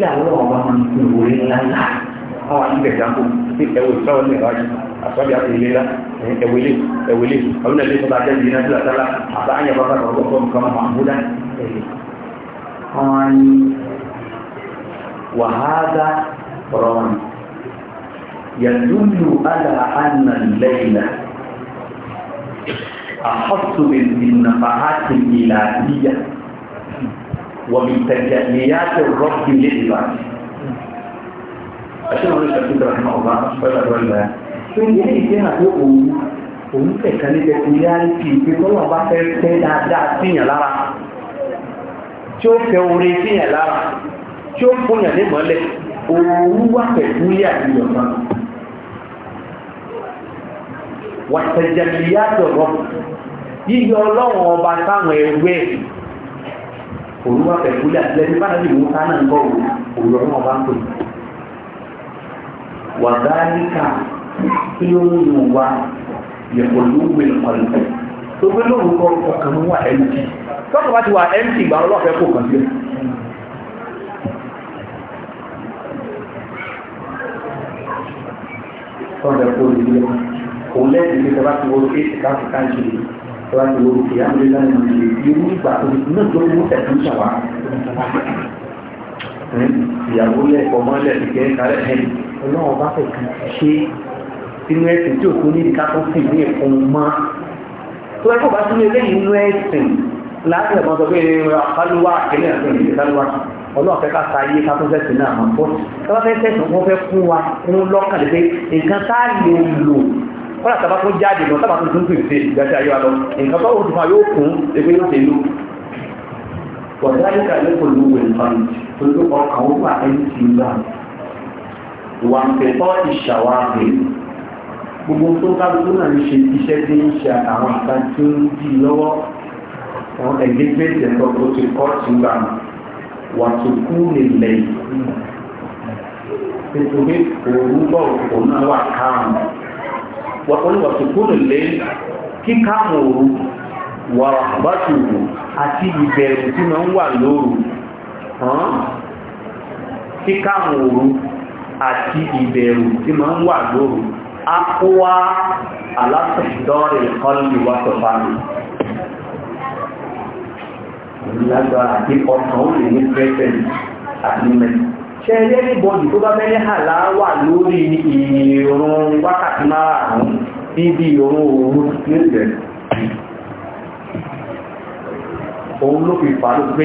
[SPEAKER 1] a sọ ńlá tó wọ́n wà nílẹ̀ ìdánkù ní ẹwọ ìfẹ́wọ̀n ní ìwájú àṣọ́bí àtìlélá ẹwẹ́lé ẹwẹ́lé ọdún ẹ̀lẹ́ tó bá jẹ́ ìdíná sí àtàlá àbáyẹ̀ bàbá kan ọgbọ́n kan mọ̀ àmúdá wọ́n ní wàhálà ọ̀rọ̀ wọn yàtúndù aláàánà lẹ́yìnà àkọ́tùmí ìnàfàhátì ìlàníyà wọ̀mìtẹ̀jẹ̀ ìyá tó rọ́bì lè bàjẹ́ àti àwọn olùṣàkíyèsí ọ̀hún ọ̀gá ọ̀pẹ́lẹ̀ ọ̀lá
[SPEAKER 3] pé ilé ìṣe náà pé
[SPEAKER 1] òun òun kẹ̀kẹ́ ní pẹ̀kúlíárìtì pé tọ́lọ̀ bá fẹ́ fẹ́ dáadáa síyàn lára tí ó fẹ́ oore síyàn lára tí ó fúnyàn ní mọ́lẹ̀ òun wá pẹ̀kúlíárìtì ọ̀sán wàtẹ̀jẹ̀lìyàtọ̀ rọ̀ yíyọ ọlọ́run ọba táwọn ẹgbẹ́ òun wá pẹ̀kúlíárìtì lẹ́ni bá náà wàdálíkà tí ó ń lò wá yẹ̀kọ̀lú wẹ̀ ọ̀lù tó gbé lórúkọ ọkàn mú wà mt tọ́kọ̀ bá ti wà mt ìgbà ọlọ́fẹ́ kò kàn sí
[SPEAKER 2] ọ̀dẹ̀ kò lè lọ kò
[SPEAKER 1] lẹ́yìn tí tọ́ba ti wọ́n ké ìka ìka ìṣe tọ́ba ti wọ́n ké àmì lẹ́yìn ìṣe irú ìgbà tó ti náà tó mú ẹ̀sìn ṣàwá ìyàwó lẹ̀ ọmọ lẹ̀ ìkẹ́ ìkàlẹ̀ ọlọ́run bá fẹ̀ kàn ṣe inú ẹ̀sìn tí òkú níbi ká tó sì ní ẹ̀kọ́ mọ́ tó ẹ̀kọ́ bá tún lé inú ẹ̀sìn láti ẹ̀mọ́ sọ pé kálúwà kẹ́lẹ́ àti ìdílé kálúwà ọlọ́run fẹ́ ká sa ayé ká tó fẹ́sìn náà mọ́ bọ́ tọ́lá fẹ́ fẹ́sìn wọ́n fẹ́ fún wa fún lọ́kàn lé pé nǹkan tá a lè lò kọ́lá tàbá tó jáde lọ tàbá tó tún pèsè ìgbàsí ayé wa lọ nǹkan tó òtún wa yóò kún ẹgbẹ́ yóò tẹ̀lé wọ̀dáyé kàlẹ́ pẹ̀lú wẹ̀lú ọkàn ó wà ẹni tì í báyìí ìwà ńpẹ̀tọ́ ìṣàwárí gbogbo tó kálukú náà ń ṣe iṣẹ́ tí ń ṣe àwọn nǹkan tí ó ń dì lọ́wọ́ wọn ẹ̀gbẹ́gbẹ́ ìtẹ̀tọ́ tó ti kọ́ ti gbà wà tó kú nílẹ̀ ètò pé òru bọ̀ wà káàmù wà ó ní wà tó kú nílẹ̀ kí káàmù òru wà àti ìbẹ̀rù tí àti ìbẹ̀rù tí ma ń wà lóru akówá alásọ̀dọ́rẹ̀ kọ́lù wá sọ̀fà mi lágbára àti ọ̀sán ó lè ní pẹ́sẹ̀lì àti mẹ́rin ṣe ẹyẹ ní bọ́ọ̀dù tó bá mẹ́rin hàlá wà lórí ìrún wákàtí márùn-ún bíbí ìrún òru nílẹ̀ òun ló fi fà pé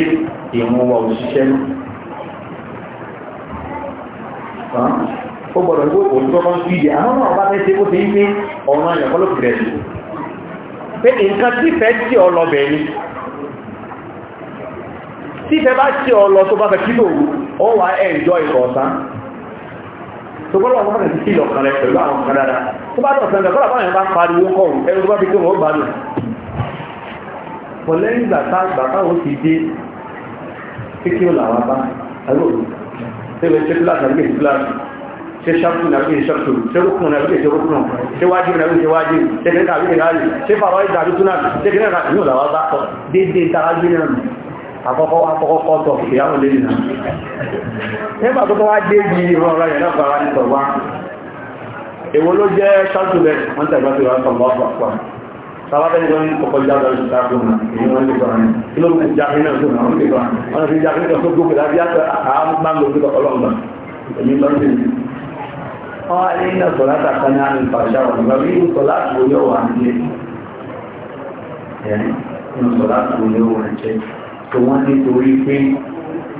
[SPEAKER 1] ìrún wa òṣìṣẹ́ ó gbọ́dọ̀ ní òkú tó kọ́ sí ìdí àwọn náà bá fẹ́ ṣe kó ti ń pín ọ̀ràn àyànkọ́ ló fi rẹ̀ sí pé nǹkan tí fẹ́ tí ọ lọ bẹ̀ ni tí fẹ́ bá tí ọ lọ tó bá fẹ́ kí lòru ó wà ẹ̀jọ́ ìkọ̀ọ̀sán tó gbọ́dọ̀ wọ́n fẹ́ sí ìlọ̀kan rẹ̀ pẹ̀lú àwọn kan dáadáa tó bá tọ̀sán rẹ̀ kọ́lá tẹ́lẹ̀ ṣe fúlàṣì àbí èsì fúlàṣì ṣe ṣàkùn àbí èsì ṣàkùn ṣe rúkùn àbí èsì rúkùn ṣe wájú àbí èsì wájú ṣe kẹ́kẹ́ àbí èsì ráyè ṣe fàrọ̀ ìdà àbí túnà ṣe kẹ́kẹ́ àbí yóò làwọn bá kọ́ déédéé tara gbé náà àkọ́kọ́ akọ́kọ́ tọ̀ ìyáwó lé nìyà nígbà tó kọ́ wá dé bí ìrọ̀ ọ̀rọ̀ yẹn náà fara ní sọ̀rọ̀ wá èwo ló jẹ́ ṣàkùn bẹ́ẹ̀ wọ́n tẹ̀gbọ́n ti wá sọ̀rọ̀ ọ̀pọ̀ sábàbẹ̀ ní wọ́n kọ́kọ́ jáde ọjọ́ ìdájọ́ náà èyí wọ́n lè gbọ́ra ní kí ló ń jáde náà lónà wọ́n lè gbọ́ra wọ́n fi jáde náà tó gbogbo dájú àti àbá lórí ọlọ́ọ̀gbà èyí lọ sí i. wọ́n á ní iná sọ̀rọ̀ àtàkà ní àmì ìfàṣà wọn ìgbà bí sọ láti wọlé ọwọ́ àdílé ẹ̀ ń sọ láti wọlé ọwọ́ ẹ̀jẹ̀ tó wọ́n ní torí pé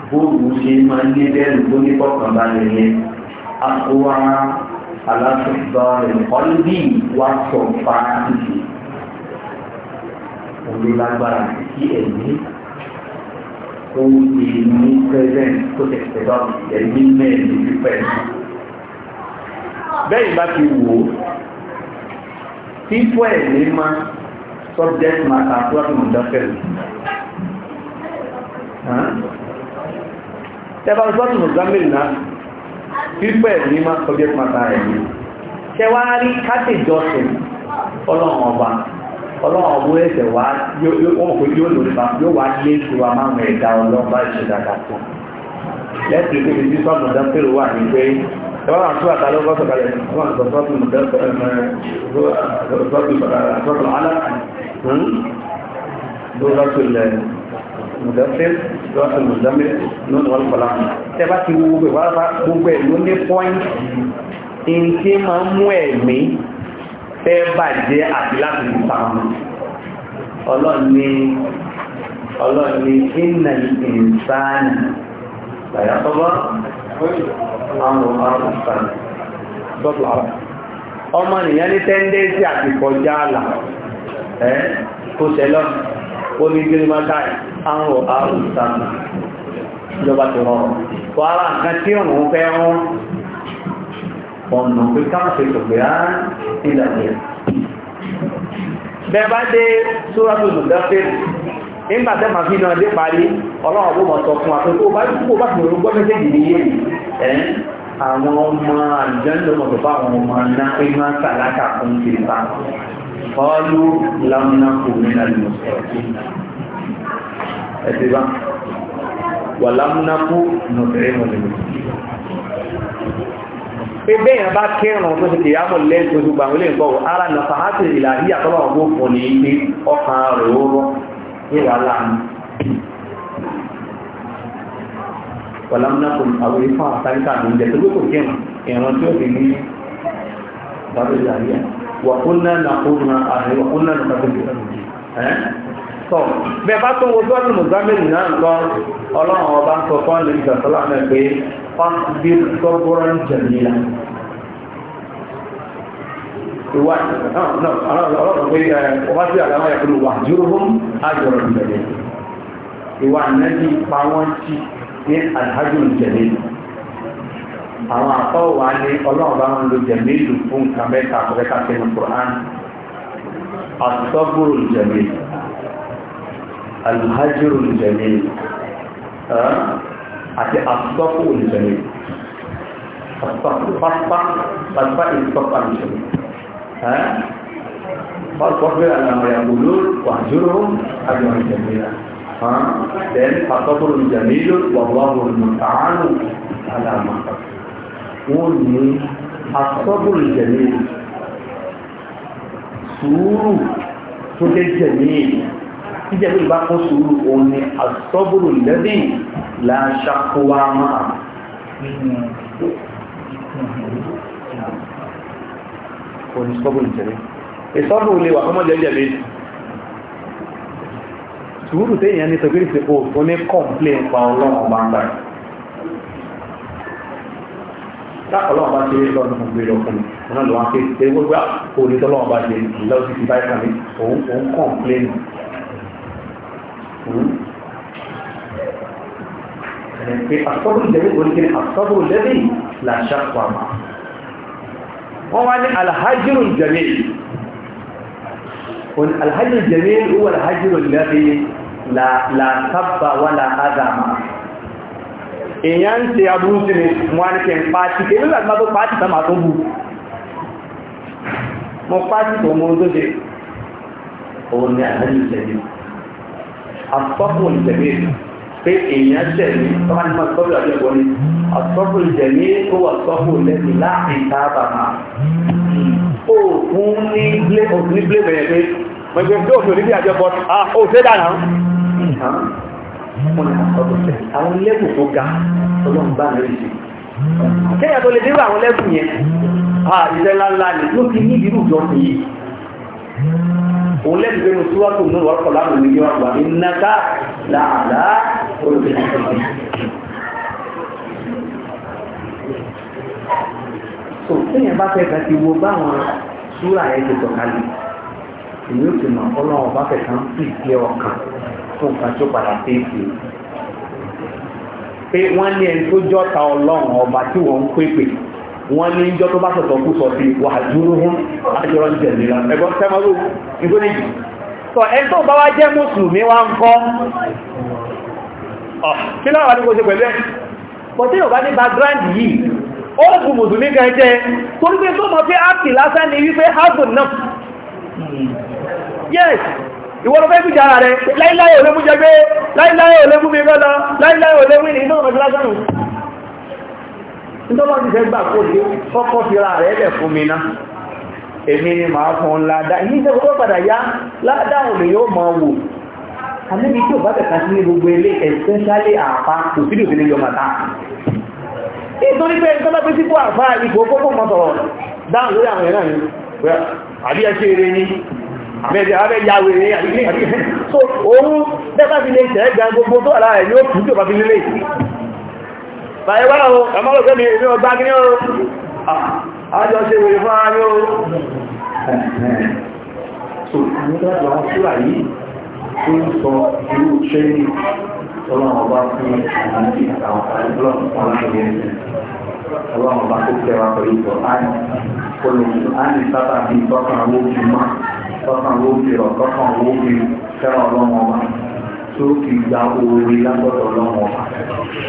[SPEAKER 1] bóòlù ṣe máa ń ní bẹ́ẹ̀lù tó ní kọ̀ọ̀kan àkówá aláṣọ ìgbà rẹ̀ kọ́lbí wá sọ̀ fáà nìyí òun lágbára kí ẹ̀mí ó ti ní present tó ti pẹ̀lú ẹ̀mí mẹ́rin pípẹ́ bẹ́ẹ̀ bá ti wò ó fífọ́ ẹ̀mí máa subject matter tó àti mọ̀dáfẹ́lì tẹ́bà tó àti mọ̀dáfẹ́lì náà fífọ́ ẹ̀mí máa subject matter ẹ̀mí tẹ́wàá rí káàkiri ọlọ́run ọba ọlọ́run owó ẹ̀sẹ̀ wá wọ́n kò yóò lò nípa yóò wá lé ìṣòro amáhùn ẹ̀dá ọlọ́run bá ìṣẹ̀dá kàtó lẹ́sìn ìgbésí tí sọ́ọ̀nù dánpẹ̀rẹ̀ wà ní pé ẹwọ́n àti àtà ló gbọ́sọ̀ kalẹ̀ wọ́n àti sọ́ọ̀nù dánpẹ̀rẹ̀ alá hmm? lọ́sọ̀ ilẹ̀ mùdánpẹ̀rẹ̀ lọ́sọ̀ mùdánpẹ̀rẹ̀ lọ́sọ̀ wọn kọlá tẹ́ bá ti wo gbogbo ẹ̀ ló ní pọ́ìntì fẹ́ bàjẹ́ àti láti lè pa wọn ọlọ́ni ọlọ́ni iná ìsáàni bàyàtọ́bọ́ àwọn ọmọ ìsáàni dọ́tọ̀ àwọn ọmọ nìyàn ní tẹ́ndẹ́sì àti kọjá àlà ẹ́ kó sẹlọ́ omi gírímọ́tàì àwọn ọmọ ìsáàni ìjọba tó rọrùn wàhálà nǹkan ọ̀nà pé káàkiri ṣùgbẹ́ á sílẹ̀ ní ẹ̀. bẹ́ẹ̀ bá masih sóràtò lùdáfẹ́ nígbà Abu Masuk Masuk. náà dé parí ọlọ́run baru mọ̀ sọ fún wa pé kó bá kó bá fi gbọ́ mẹ́sẹ̀gì ní yé ẹ̀ àwọn ọmọ àjọyọ̀ mọ̀ bàbá àwọn ọmọ aná pé máa pé bẹ́yàn bá kẹrùn tó ṣe kìyàmù lẹ́yìn tó gbogbo àwọn ilé ìgbọ́ ara nà fàáṣì ìlàrí àtọ́lọ̀ ọgbọ́ fún ní ilé ọkàn rẹ̀ ó rọ́ níwà láàmú pọ̀lámúnákùn àwọn ifá àtàríkà ní ìjẹ́ tó gbogbo kẹrùn ìrìn tí ó fi ní bàbá ìlàrí wàkúnná nàkúnná àrẹ wàkúnná nàkúnná tọ̀ bẹ́ẹ̀ bá tó wo sọ́ọ̀tì mùsàmìlì náà nǹkan ọlọ́run ọba ń sọ fún ọ̀nà ìgbàsọ́lá náà pé fásitì
[SPEAKER 2] sọ́gbọ́rọ̀ ń jẹ̀mílà
[SPEAKER 1] ìwà ọlọ́run pé ọba sí àgbà wọn yàtọ̀ wà jùrùhùn àjọrọ̀ ìjẹ̀lẹ̀ ìwà nẹ́bí pa wọ́n ti ní àdájọ́ ìjẹ̀lẹ̀ àwọn àtọ́ wà ní ọlọ́run bá ń lo jẹ̀lẹ̀ ìlú fún nǹkan àkọ́kẹ́ta sínú Kùránì àtọ́gbòrò ìjẹ̀lẹ̀ alhajiru ìjẹ̀lẹ̀ àti asọ́pù ìjẹ̀lẹ̀ pàpà ìsọ́pù ìjẹ̀lẹ̀ فاصبر على ما يقولون واهجرهم هجرا جميلا ها لان فصبر جميل والله المستعان على ما wọ́n ní asọ́bùrù jẹ̀mí sùúrù tó jẹ́ jẹ̀mí tíjẹ́ tó bá kún sùúrù òun ni àtọ́bùrù lẹ́bí là ń ṣàkówa máa. kò ní sọ́bùrù jẹ̀rẹ̀ ìsọ́bùrù lè wà fún mọ́jẹ́ jẹ̀rẹ̀ sùúrù téèyàn ní tọ́gbìrì sí o tó ní kọ́ǹplẹ̀n pa ọlọ́run bá ń bá yìí. ọlọ́run bá ṣe é lọ́nà fún gbé lọ́kùnrin ọ̀nà الصبر الجميل ولكن الصبر الذي لا شقوى معه هو الهجر الجميل الهجر الجميل هو الهجر الذي لا لا سب ولا اذى معه èèyàn ń ṣe aburú sí ni mo wá ní kí n pàtí kí nígbà tí ma tó pàtí tá ma tó bú mo pàtí tó mú tó ṣe òun ni àdájú asọ́pù ìjẹ̀mí pé èèyàn jẹ̀mí tọ́wọ́n ní máa sọ́pù àti ìwọ́ni asọ́pù ìjẹ̀mí tó wà sọ́pù lẹ́nu láti sábà máa
[SPEAKER 2] ó fún ní blé
[SPEAKER 1] òfin ní blé bẹ̀rẹ̀ pé mo gbé tó òfin oníbí àjọ bọ́t ah ó ṣe dára mo ní asọ́pù ìjẹ̀mí àwọn lẹ́bù tó ga ọlọ́run bá mi rí sí kéèyàn tó lè dérò àwọn lẹ́bù yẹn ah ìṣẹ́ ńláńlá ni ló fi ní ìdírù jọ nìyí òun lẹ́sìn pé tu, tún wá tó nínú ọ̀rọ̀ láàmú mi yọ àgbà ìnáká làálá olùdíje. tó téèyàn bá fẹ́ kan ti wo báwọn súrà yẹn orang sọ̀kalẹ̀ èmi ò sì mọ̀ ọlọ́run bá fẹ́ kan sì fi ọkàn fún nǹkan long, padà sí ìsìn pé wọ́n ní ẹni tó jọ́ta ọlọ́run wọ́n ní ìjọ tó bá sọ̀tọ̀ kú sọ sí wàjúrú hún àjọrọ̀ ìjẹ̀lera ẹgbọ́n tẹ́mọ́rú ìgbóníjì sọ ẹ tó bá wá jẹ́ mùsùlùmí wá ń kọ́ ah, kí láwà ní kò ṣe pẹ̀lú ẹ̀ bọ̀ tí yóò bá ní background yìí ó kù mùsùlùmí kan jẹ́ torí pé tó mọ̀ pé áàpì lásán ni wípé harbon náà yes ìwọ́n fẹ́ bí jára rẹ̀ láíláyé olébú jẹgbé láíláyé olébú mi gọ́lá láíláyé olébú ní inú ọ̀rọ̀ nítorí ti fẹ́ gbà kó dé kọ́kọ́ fi ra rẹ̀ ẹ̀lẹ̀ fún mi náà èmi ni màá fún un ládá yìí tẹ́ gbogbo padà yá ládáhùn lè yóò máa wò àmẹ́bí tí ò bá tẹ̀ka sí ní gbogbo ilé especially àpá kò sí ìdòdó yọ màtá nítorí pé ẹni tọ́lá pé sípò àpá ipò kókó mọ́ sọ̀rọ̀ dáhùn lórí àwọn ẹ̀rọ yìí àbí ẹ ṣe eré ní àbẹ́bí abẹ́ ya wèrè àbí so òun bẹ́ẹ̀ bá fi lè tẹ̀ gan gbogbo tó wà lára ẹ̀ yóò kú tí ò bá fi lélẹ̀ bàíwá o ẹmọ́lọ́gbẹ́ mi ní ọgbá gíní o àjọ ṣe wèrè fún ààrẹ
[SPEAKER 2] o so àwọn ìdájọ́
[SPEAKER 1] àwọn síra yìí tó ń sọ irú tẹ́lẹ̀ ọlọ́run ọba fún àwọn ìgbàkàwọn ọlọ́run ọba tó yẹ ọlọ́run ọba tó tẹ́wà pẹ̀lú ìtọ́ àyìn olùsùn àyìn sábà bíi tọ́kàn owó fi mọ́ tọ́kàn owó fi rọ̀ tọ́kàn owó fi tẹ́wà ọlọ́run ọba tó fi gba oore lágbọ́dọ̀ ọlọ́run ọba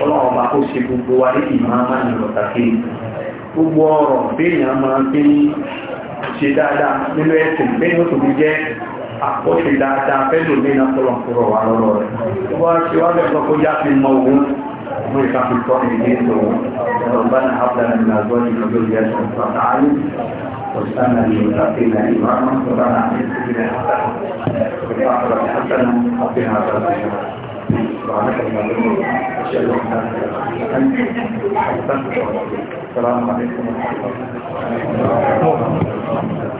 [SPEAKER 1] ọlọ́run ọba kó ṣe gbogbo wa ní ìmáàmá ní ọ̀tàkì gbogbo ọ̀rọ̀ béèyàn máa ń fi ṣe dáadáa nínú ẹ̀sìn bẹ́ẹ̀ ni ó tòbí jẹ́ ó fi dáadáa fẹ́lú ní ìnáfọ́lọ̀ fúrọ̀ wà lọ́rọ̀ rẹ̀ wọ́n ṣe wá lẹ́kọ̀ọ́ kó yá fi mọ òun mú ìka fi tọ́ ní ilé ìlú ربنا هب لنا من ازواجنا وذرياتنا قرة اعين واجعلنا للمتقين اماما ربنا اعطنا
[SPEAKER 2] فينا حسنه وفي الاخره حسنه وقنا عذاب النار سبحانك اللهم وبحمدك اشهد ان لا اله الا انت السلام عليكم ورحمه الله وبركاته